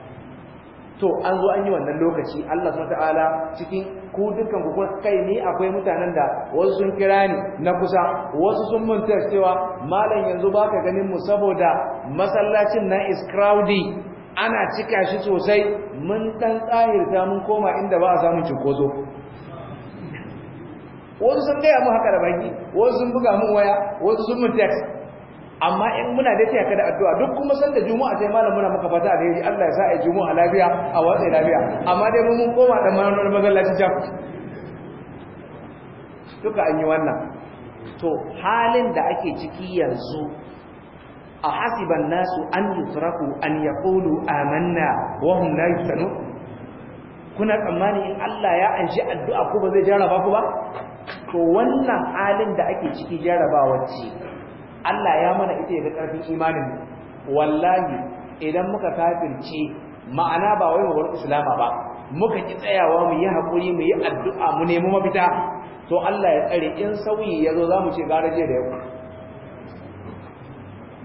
to an zo an yi wannan lokaci Allah subhanahu ta'ala cikin ku dukkan ku kai ni akwai mutanen da wasu sun kira ni na kusa wasu sun mun cewa malam yanzu baka ganin mu saboda masallacin na is crowded ana cika shi sosai mun dan tsahirta mun koma inda ba a samu cikozo wasu sun gaya mu haka da baki wasu sun buga mun waya wasu sun mun text amma in muna da tiyaka da addu'a duk kuma san da juma'a sai malam muna maka fata alheri Allah ya sa a juma'a lafiya a watsa lafiya amma dai mun koma da manar masallaci ta duka an yi wannan to halin da ake ciki yanzu a hasiban nasu an yusrafu an yaqulu amanna wa hum la yuftanu kuna tsammani in Allah ya anshi addu'a ko ba zai jarraba ku ba to wannan halin da ake ciki jarrabawa ce Allah ya mana ita ya ga ƙarfin imanin wallahi idan muka kafirce ma'ana ba wai mu bar islama ba muka ki tsayawa mu yi hakuri mu yi addu'a mu nemi mafita to Allah ya tsare in sauyi yazo zo ce gara da yau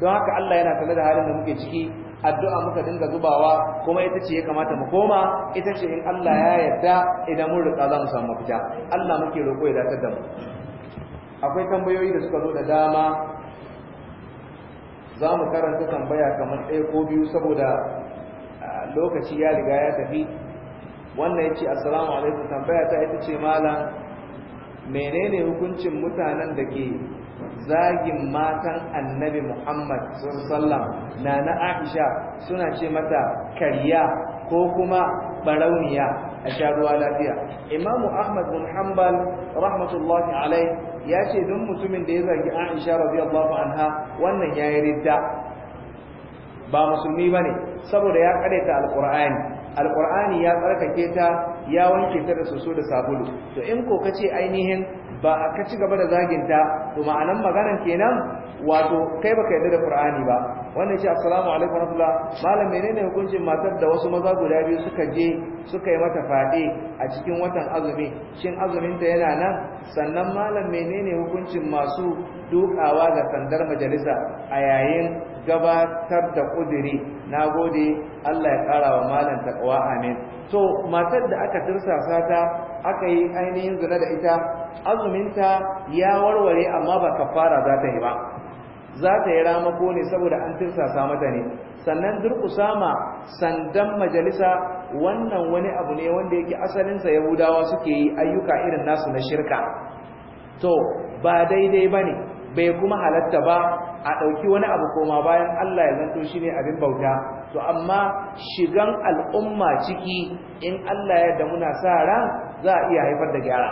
don haka Allah yana sanar da halin da muke ciki addu'a muka dinga zubawa kuma ita ce ya kamata mu koma ita ce in Allah ya yarda idan mun rika za mu samu mafita Allah muke roƙo ya datar da mu akwai tambayoyi da suka zo da dama za mu karanta tambaya kamar ɗaya ko biyu saboda lokaci ya riga ya tafi wannan ya ce assalamu alaikum tambaya ta ita ce malam menene hukuncin mutanen da ke zagin matan annabi muhammad sallam na na aisha suna ce mata karya ko kuma barauniya a sha ruwa lafiya imamu ahmad bin hanbal rahmatullahi alaihi ya ce don mutumin da ya zagi Aisha radiyallahu anha wannan yayi ridda ba musulmi ba ne, saboda ya ta alqur'ani alqur'ani ya tsarkake ta ya wanke ta da soso da sabulu to in ko kace ainihin ba a ka ci gaba da zaginta to ma'anan maganan kenan wato kai baka yarda da Qur'ani ba wannan shi assalamu alaikum rahmatullah malam menene hukuncin matar da wasu maza guda biyu suka je suka yi mata fade a cikin watan azumi shin azumin ta yana nan sannan malam menene hukuncin masu dukawa ga sandar majalisa a yayin gabatar da kudiri na gode Allah ya ƙara wa malam takwa amin to matar da aka tursasa ta aka yi ainihin zina da ita azuminta ya warware amma ba kafara za ta yi ba za ta yi ramako ne saboda an tirsasa mata ne sannan durƙusama sandan majalisa wannan wani abu ne wanda yake asalinsa yahudawa suke yi ayyuka irin nasu na shirka to ba daidai ba ne bai kuma halatta ba a ɗauki wani abu koma bayan Allah ya zanto shi ne abin bauta to amma shigan al'umma ciki in Allah ya da muna sa ran za a iya haifar da gyara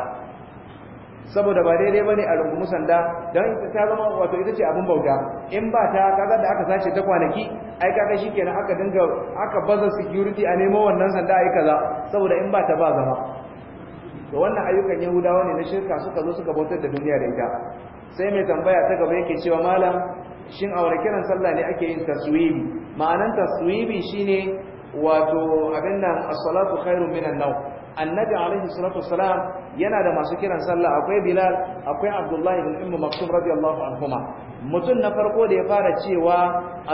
saboda ba daidai ne a rungumi sanda dan ita ta zama wato ita ce abin bauta in ba ta kaga da aka sace ta kwanaki ai kaga shikenan aka dinga aka baza security a nemo wannan sanda ai kaza saboda in ba ta ba zama to wannan ayyukan yahudawa ne na shirka suka zo suka bautar da duniya da ita sai mai tambaya ta gaba yake cewa malam shin a wani kiran sallah ne ake yin taswibi ma'anan taswibi shine wato abin nan as-salatu khairun minan nawm annabi alaihi salatu wassalam yana da masu kiran sallah akwai bilal akwai abdullahi ibn ummu maktum radiyallahu anhuma mutum na farko da ya fara cewa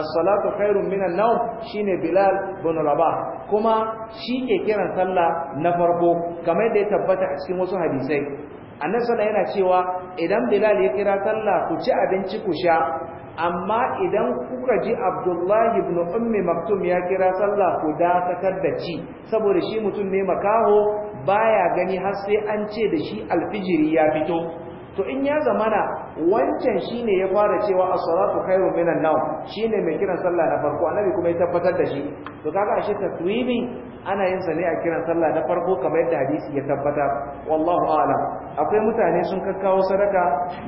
as-salatu khairun minan nawm shine bilal ibn rabah kuma shi ke kiran sallah na farko kamar da ya tabbata a cikin wasu hadisai annabi sallallahu yana cewa idan bilal ya kira sallah ku ci abinci ku sha amma idan kuka ji abdullahi ibn ummi maktum ya kira sallah ku dakatar da ci saboda shi mutum ne makaho baya gani har sai an ce da shi alfijiri ya fito to in ya zamana wancan shine ya fara cewa as-salatu khairun minan nawm shine mai kiran sallah na farko annabi kuma ya tabbatar da shi to kaga ashe taswibi ana yin sa ne a kiran sallah na farko kamar yadda hadisi ya tabbata wallahu a'lam akwai mutane sun kakkawo sadaka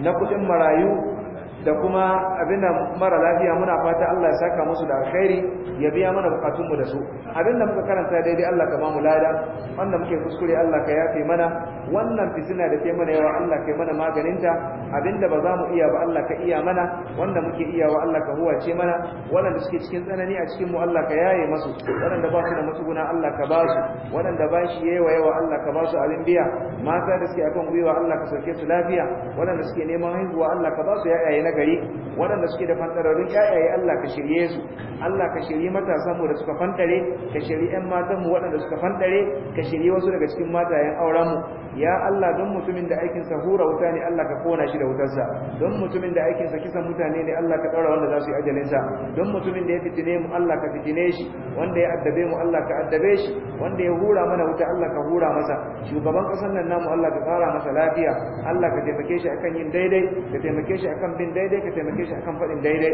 na kudin marayu da kuma abinda mara lafiya muna fata Allah ya saka musu da alkhairi ya biya mana bukatunmu da su abinda muka karanta daidai Allah ka ba mu lada wanda muke kuskure Allah ka yafe mana wannan fitina da ke mana yawa Allah ka yi mana maganinta abinda ba za mu iya ba Allah ka iya mana wanda muke iya wa Allah ka huwace mana wanda suke cikin tsanani a cikin mu Allah ka yaye masu wanda ba su da matsuguna Allah ka ba su wanda ba shi yayi yawa Allah ka ba su abin biya mata da suke akan gwiwa Allah ka sauke su lafiya wanda suke neman haihuwa Allah ka ba su yayaye na گئی waɗanda suke da fantararrun yayaye Allah ka shirye su Allah ka shirye matasanmu mu da suka fantare ka shirye ƴan matan mu waɗanda suka fantare ka shirye wasu daga cikin matayen auren mu ya Allah don mutumin da aikin sa hura wuta ne Allah ka kona shi da wutar sa don mutumin da aikin sa kisan mutane ne Allah ka daura wanda za su yi ajalin sa don mutumin da ya fitine mu Allah ka fitine shi wanda ya addabe mu Allah ka addabe shi wanda ya hura mana wuta Allah ka hura masa shugaban ƙasar nan namu Allah ka ƙara masa lafiya Allah ka taimake shi akan yin daidai ka taimake shi akan bin daidai ka taimake shi akan faɗin daidai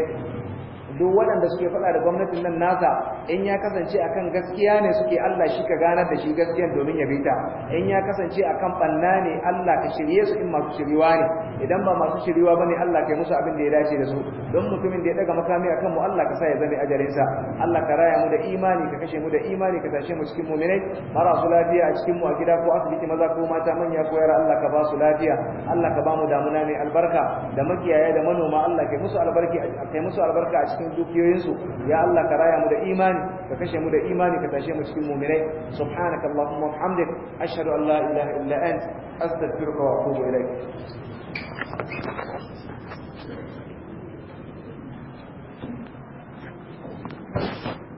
duk waɗanda suke faɗa da gwamnatin nan nasa in ya kasance akan gaskiya ne suke Allah shi ka ganar da shi gaskiya domin ya bita in ya kasance akan banna ne Allah ka shirye su in masu shiriwa ne idan ba masu shiriwa bane Allah kai musu abin da ya dace da su don mutumin da ya daga makami akan mu Allah ka sa ya zame ajalin sa Allah ka raya mu da imani ka kashe mu da imani ka tashe mu cikin mu'minai marasu lafiya a cikin mu a gida ko asibiti maza ko mata manya ko yara Allah ka ba su lafiya Allah ka ba mu damuna mai albarka da makiyaya da manoma Allah kai musu albarka kai musu albarka a cikin cikin dukiyoyinsu ya Allah ka raya mu da imani ka kashe mu da imani ka tashe mu cikin mu'minai subhanaka allahumma wa bihamdik ashhadu an la ilaha illa ant astaghfiruka wa atubu ilaik Thank you.